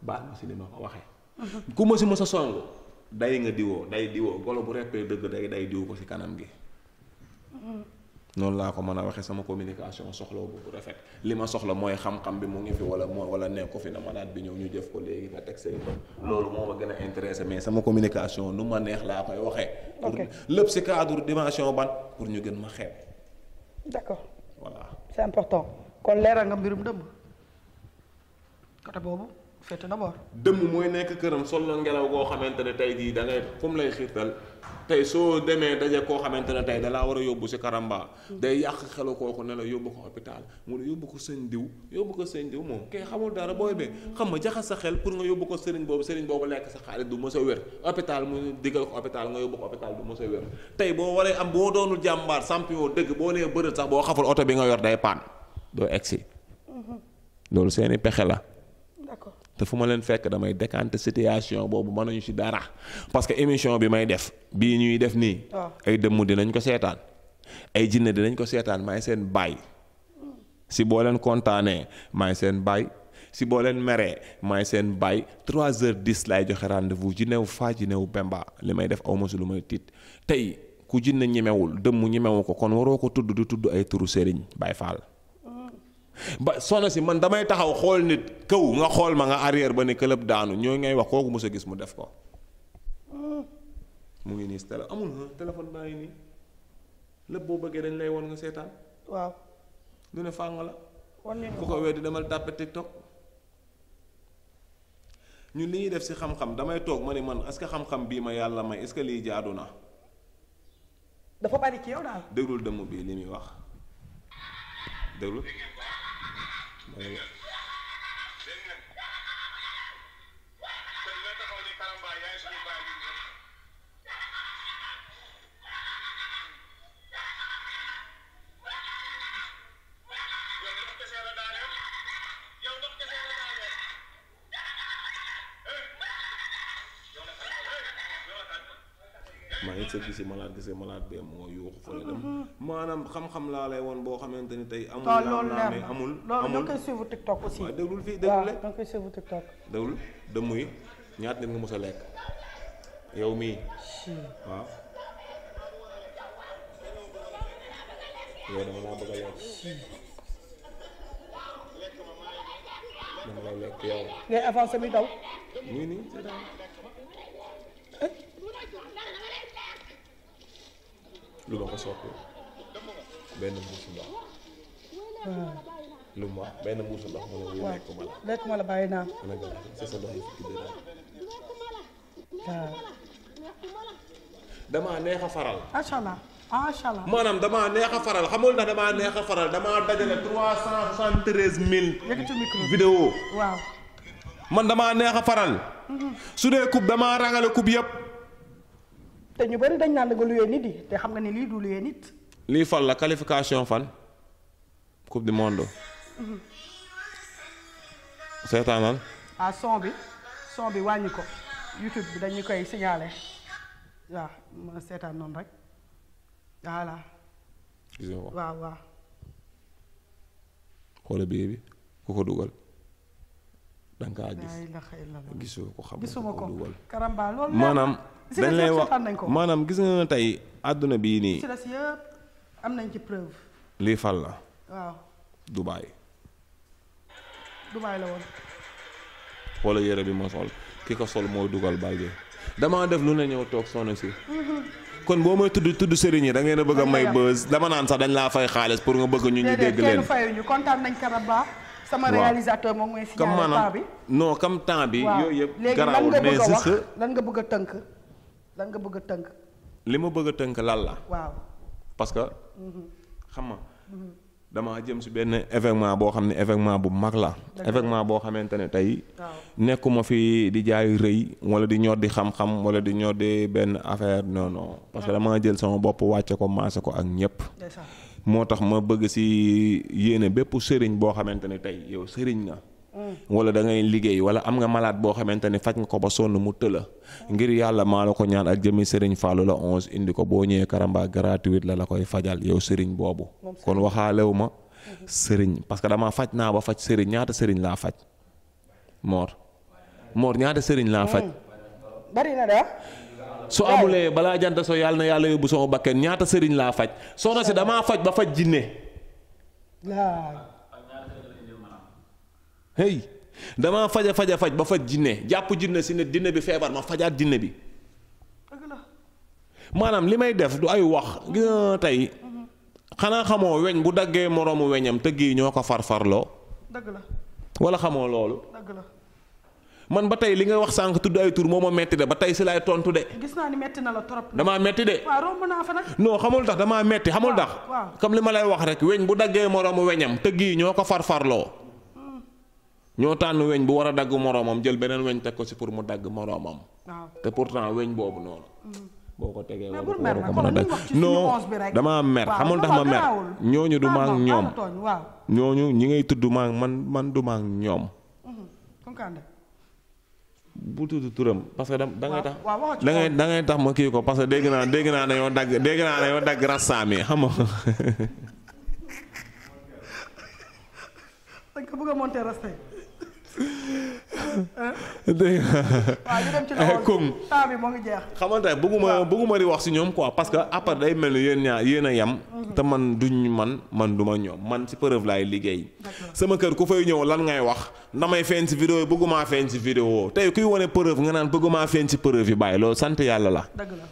baal ma si li ma ko waxee. Mhm. ku ma si mos songu. day nga diwoo day diwoo golo bu reppee dëgg day day diw ko ci kanam gi mm. noonu laa ko mën a waxee sama communication soxla bu rafet li ma soxla mooy xam-xam bi mu ngi fi wala moo wala nekku fi na malaat bi ñëw ñu jëf ko léegi nga teg say loolu moo ma gën a intéressé mais sama communication nu ma neex laa koy waxee pour lépp ci cadre dimension ban pour ñu gën ma xeeb d'accord voilà c'est important kon leeral nga mbirum dëmb côté boobu féete na boor. dëmm mooy nekk këram sol na ngelaw goo xamante ne tey jii da ngay lay xiirtal tey soo demee daje koo xamante ne tey dalaa war a yóbbu si karamba. day yàq xelu kooku ne la yóbbu ko hôpital mu ne yóbbu ko sëñ diw yóbbu ko sëñ diw moom kay xamul dara booy be xam nga jaxas sa xel pour nga yóbbu ko sëriñ boobu sëriñ boobu lekk sa a wér hôpital mu digal ko hôpital nga yóbbu ko hôpital du mos a tey boo waree am boo doonul jàmbaar champion dëgg boo nee bërët sax boo xaful oto bi nga yor day paan doo egsi loolu seeni pexe la te fu ma leen fekk damay décanter situation boobu mën nañu ci dara parce que émission bi may def bii ñuy def nii. Oh. ay dëmm dinañ ko seetaan ay jinne dinañ ko seetaan maay seen baay si boo leen kontaanee maay seen baay si boo leen meree maay seen baay 3 heures 10 laay joxe rendez-vous jineew faa jineew Bemba li may def aw ma si lu may tiit tey ku jinne ñemewul dëmm ñemewu ko kon waroo ko tudd di tudd ay turu sëriñ Baay Faal. ba soxna si man damay taxaw xool nit kaw nga xool ma nga arrière ba ne këlëb daanu ñoo ngay wax kooku mos a gis mu def ko ah, mu ngi nii télé amul nga ah, téléphone baa ngi nii lépp boo bëggee dañ lay won nga seetaan. waaw. lu ne fàng la. wan ku ko weddi demal tàppe TikTok. ñun li ñuy def si xam-xam damay toog ma ne man est-ce que xam-xam bii ma yàlla may est-ce lii jaadu na. dafa bari ci yow daal. déglul dëmm bi li muy wax déglu. mooy sa gisi malade gise malade bee moo yuuxu fa la maanaam xam-xam laa lay woon boo xamante ni tey amul laa mais amul amul da nga koy suivre TikTok aussi waaw fii déglul rek da nga koy ñaat nit nga mos a lekk yow mii waaw dama laa bëgg a lekk dama lay lekk yow ngay avancé mi daw muy nii lu ma ko soppee benn mbuusu ndox. Hmm. lu ma benn mbuusu ndox ma naa. ma ne ko c'est sa ndox yi fukki neex a faral. macha allah macha allah. maanaam damaa neex a faral xamul na damaa neex a faral damaa dajale trois cent soixante-treize mille. yëkkati micro man damaa neex a faral. Mm-hmm. su dee coupe damaa rangale coupe yëpp. te ñu bari dañ naan nga luyee nit yi te xam nga ni lii du luyee nit. lii fan la qualification fan. coupe du monde. seetaanal. ah son bi son bi wàññi ko YouTube bi dañu koy signalé waaw ma seetaan noonu rek voilà. waaw waaw. xoolal bii bi ku ko dugal. da nga kaa gis gisoo ko xam gisuma ko dugal karamba maanaam dañ lay wax maanaam gis nga tey àdduna bii nii si des am nañ ci preuve lii fal la waaw Dubaay Dubaay la woon yére bi ma sol ki ko sol mooy dugal balde damaa def lu ne ñëw toog soxna si mm-hmm. kon boo mooy tudd tudd sëriñ yi da ngeen bëgg a may buzz dama naan sax dañ laa fay xaalis pour nga bëgg ñu ñu dégg leen fayu sama réalisateur moom mooy signaler temps bi non comme temps bi. yooyu yëpp garaawul mais juste lan nga bëgg a tënk lan bëgg a tënk. li ma bëgg a tënk lan la. waaw parce que. Mhm. xam nga mhm. dama jëm si benn événement boo xam ne événement bu mag la. événement boo xamante ne tey. nekkuma fi di jaay rëy wala di ñor di xam-xam wala di ñor di benn affaire non non. parce que damaa jël sama bopp wàcce ko maase ko ak ñëpp. moo tax ma bëgg si yéene bépp sëriñ boo xamante ne tey yow sëriñ na wala dangay liggéey wala am nga malade boo xamante ne faj nga ko ba sonn mu tëla ngir yàlla maa la ko ñaan ak jëmmi sëriñ Fallou la onze indi ko boo ñëwee Karamba gratuite la la koy fajal yow sëriñ boobu. kon waxaalewu ma. sëriñ parce que dama faj naa ba faj sëriñ ñaata sëriñ laa faj. Mor Mor ñaata sëriñ laa faj. Hmm. su amulee balaa jant soo yàlla na yàlla yóbbu sama bakkee ñaata sëriñ laa faj soxna si damaa faj ba faj jinne hey damaa faja faja faj ba faj jinne jàpp jinne si ne jinne bi feebar ma fajaat dina bi maanaam li may def du ay wax gis tey xanaa xamoo weñ bu daggee moroomu weñam tëgg yi ñoo ko farfarloo dëgg la wala xamoo loolu dëgg la man ba tey li nga wax sànq tudd ay tur moo ma metti de ba tey si laay tontu de. gis naa ni metti na la trop. damaa metti de. waaw romb xamul tax damaa metti xamul tax. comme li ma lay wax rek weñ bu daggee moroomu weñam tëgg yi ñoo ko farfarloo. Hmm. ñoo tànn weñ bu war a dagg moroomam jël beneen weñ teg ko si pour mu dagg moroomam. te pourtant weñ boobu noonu. Hmm. boo ko tegee war ko mën a dagg non damaa mer xamul tax ma mer ñooñu du maag ñoom. ñooñu ñi ngay tudd maag man man du maag ñoom. Hmm, bu tudd turam parce que da ngay tax da ngay da ngay tax ma kii ko parce que dégg naa dégg naa na yoo dagg dégg naa dañoo dagg rastaami xam nga. dañ ko bëgg dégg nga comme eh, temps bi moo ngi jeex. xamante bëgguma bëgguma di wax si ñoom quoi parce que après day mel ni yéen ñaa yéen a mhm. te man du ñu man man du ma ñoom man si preuve laay liggéey. sama kër ku fay ñëw lan ngay wax damay feeñ si vidéo yi bëgguma feeñ si vidéo tey kuy wane preuve nga naan bëgguma feeñ si preuve yi bàyyi loolu sant yàlla la. dëgg la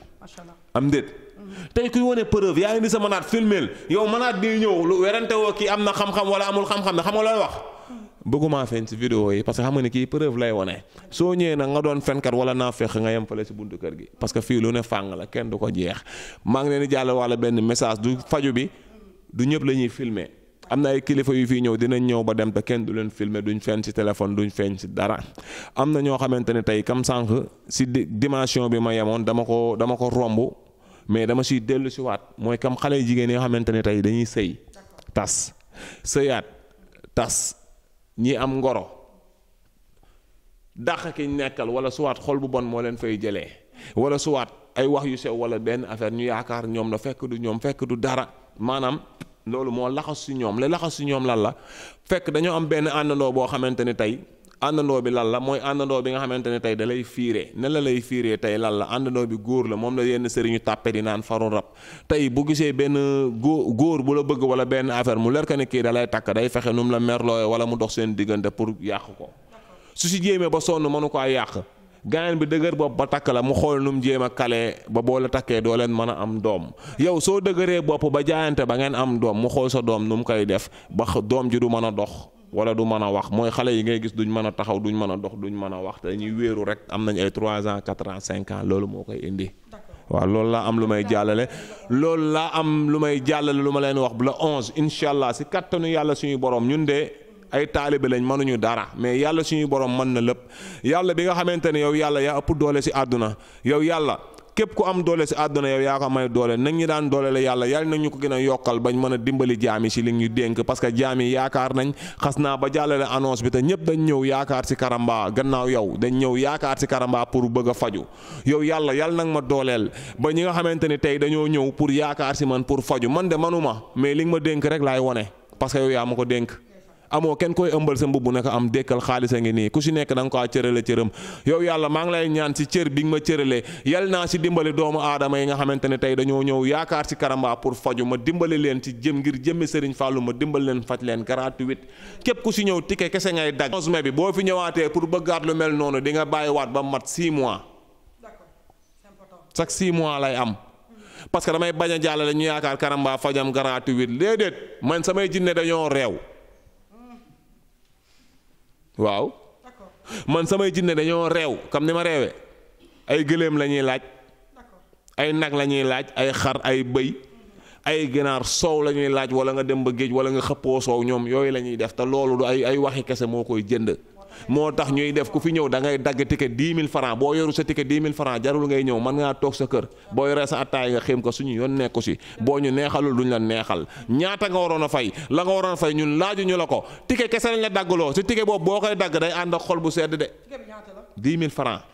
am déet. Mhm. tey kuy wane preuve yaa ngi ni sa mënaat filmeel yow mënaat di ñëw lu werante woo kii am na xam-xam wala amul xam-xam ne xam nga looy wax. bëgguma feeñ si vidéo yi parce que xam nga ne kii preuve lay wone soo ñëwee nag nga doon fenkat wala naa feex nga yem fale si buntu kër gi parce que fii lu ne fàng la kenn du ko jeex maa ngi leen di jàll wala benn message du faju bi du ñëpp la ñuy filmer am na ay kilifa yu fii ñëw dinañ ñëw ba dem te kenn du leen filmer duñ feeñ si téléphone duñ feeñ si dara am na ñoo xamante ne tey comme sànq si dimension bi ma yemoon dama ko dama ko romb mais dama siy dellu si mooy comme xale jigéen yi nga xamante ne tey dañuy sëy tas tas ñi am ngoro daq ki nekkal wala suwaat xol bu bon moo leen fay jëlee wala suwaat ay wax yu sew wala benn affaire ñu yaakaar ñoom la fekk du ñoom fekk du dara maanaam loolu moo laxas si ñoom la laxas si ñoom lan la fekk dañoo am benn àndandoo boo xamante ni tey àndandoo bi lan la mooy àndandoo bi nga xamante ne tey dalay fiire ne la lay fiire tey lan la àndandoo bi góor la moom la yenn sëriñu tàppe di naan faru rab tey bu gisee benn góor góor bu la bëgg wala benn affaire mu leer ne kii dalay lay takk day fexe nu mu la merlooyee wala mu dox seen diggante pour yàq ko su si jéemee ba sonn mënu ko ay yàq gaañan bi dëgër bopp ba takk la mu xool nu mu jéem a kalee ba boo la takkee doo leen mën a am doom yow soo dëgëree bopp ba jaayante ba ngeen am doom mu xool sa doom nu mu koy def ba doom ji du mën a dox wala du mën a wax mooy xale yi ngay gis duñ mën a taxaw duñ mën a dox duñ mën a wax te dañuy wéeru rek am nañ ay 3 ans 4 ans 5 ans loolu moo koy indi. waaw loolu laa am lu may jàllale loolu laa am lu may jàllale lu ma leen wax bu la 11 incha allah si kattanu yàlla suñuy borom ñun de ay taalibe lañ mënuñu dara mais yàlla suñuy borom mën na lépp yàlla bi nga xamante ne yow yàlla yaa ëpp doole si àdduna yow yàlla. képp ku am doole si àdduna yow yaa ko may doole nag ñu daan doole la yàlla yàlla nag ñu ko gën a yokkal bañ mën a dimbali jaami si li ñu dénk parce que jaam yi yaakaar nañ xas naa ba jàllale annonce bi te ñëpp dañ ñëw yaakaar si karamba gannaaw yow dañ ñëw yaakaar si karamba pour bëgg a faju yow yàlla yàlla nag ma dooleel ba ñi nga xamante ni tey dañoo ñëw pour yaakaar si man pour faju man de manuma mais li nga ma dénk rek laay wone parce que yaa ma ko dénk amoo kenn koy ëmbal sa mbubb naka am dékkal xaalis a ngi nii ku si nekk da nga ko cërale cëram yow yàlla maa ngi lay ñaan si cër bi nga ma cëralee yal naa si dimbali doomu aadama yi nga xamante ne tey dañoo ñëw yaakaar si Karamba pour faju ma dimbali leen ci jëm ngir jëmmi Serigne Fallou ma dimbali leen faj leen gratuit képp ku si ñëw ticket kese ngay dagg me bi boo fi ñëwaatee pour bëggaat lu mel noonu dinga nga waat ba mat 6 mois chaque 6 mois lay am parce que damay bañ a jàllale ñu yaakaar Karamba fajam gratuit déedéet man samay jinne dañoo réew waaw man samay jinne dañoo reew comme ni ma reewe ay gëléem la ñuy laaj ay nag la ñuy laaj ay xar ay bëy ay ginaar soow la ñuy laaj wala nga dem ba géej wala nga xëppoo soow ñoom yooyu la ñuy def te loolu ay ay waxi kese moo koy jënd moo tax ñuy def ku fi ñëw da ngay dagg ticket dix mille francs boo yoru sa ticket dix mille francs jarul ngay ñëw mën ngaa toog sa kër boo yoree sa attaay nga xéem ko suñu yoon nekku si boo ñu neexalul duñu la neexal ñaata nga waroon a fay la nga waroon a fay ñun laaju ñu la ko ticket kese lañ la daggaloo si ticket boobu boo koy dagg day ànd ak xol bu sedd de dix mille francs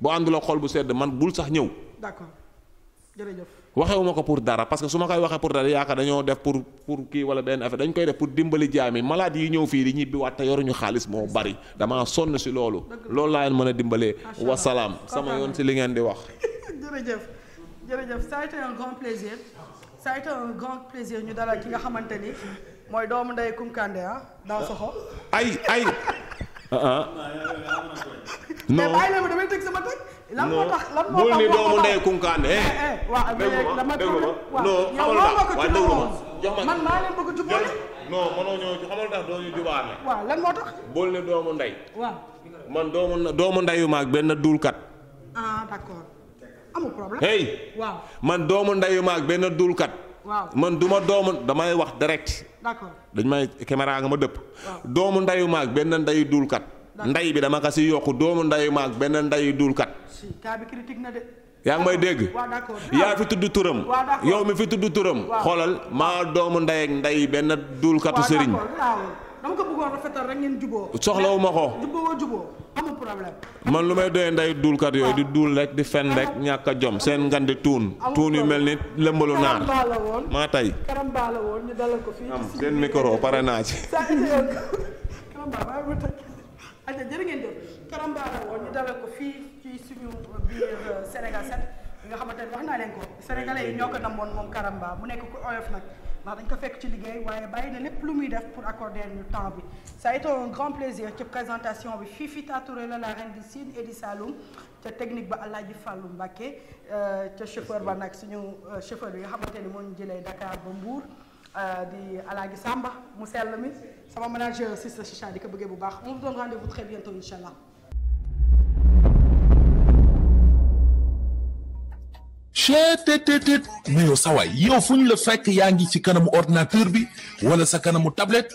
boo àndul ak xol bu sedd man bul sax ñëw d'accord jërëjëf waxewuma ko pour dara parce que su ma koy waxee pour dara yaakaar dañoo def pour pour kii wala benn affaire dañ koy def pour dimbali jaami malade yi ñëw fii di ñibbi waat te yoruñu xaalis moo bari damaa sonn si loolu. loolu laa leen mën a dimbalee. wasalaam sama yoon si li ngeen di wax. jërëjëf jërëjëf ça a été un grand plaisir ça a été un grand plaisir ñu ki nga xamante ni mooy doomu ndey Kounkandé ah. dans Soxo ay ay. ah uh-huh. non mais bàyyi leen ma tax doo ñu jubaane. bul ni doomu ndey. man doomu doomu benn duulkat. ah man doomu ndeyu benn duulkat. man duma ma doomu damay wax direct. dañ may caméra nga ma dëpp. doomu ndayu maak benn ndayu duulkat. ndey bi dama ko si yokku doomu ndayu maag benn ndayu duulkat. yaa ngi may dégg yaa fi tudd turam yow mi fi tudd turam xoolal maa doomu ndey ak ndey benn duulkatu sëriñ dama ko bëggoon rafetal rek ngeen juboo. soxlawu ma ko juboo juboo amul problème. man lu may doyee nday duulkat yooyu di duul rek di fen rek ñàkk jom seen ngan di tuun. tuun yu mel ni lëmbalu naar. maa tey. karam woon ñu dalal ko fii. ci. suñu biir set nga xamante ne naa leen ko sénégalais yi ñoo ko namoon moom karamba mu nekk ku oyof nag ndax dañ ko fekk ci liggéey waaye bàyyi na lépp lu muy def pour accorder ñu temps bi ça a un grand plaisir ci présentation bi fii Touré la la reine du Sine et du Saloum ca technique ba Alaaji Fàllu Mbàkke euh, ca chauffeur ba nag suñu euh, chauffeur bi nga xamante ni moo ñu jëlee Dakar ba Mbour euh, di Alaaji Samba mu sell mi sama manager sister Chicha di ko bëggee bu baax on vous donne rendez-vous très bientôt incha allah cheetetetet mais yow sa waay yow fu ñu la fekk yaa ngi ci kanamu ordinateur bi wala sa kanamu tablette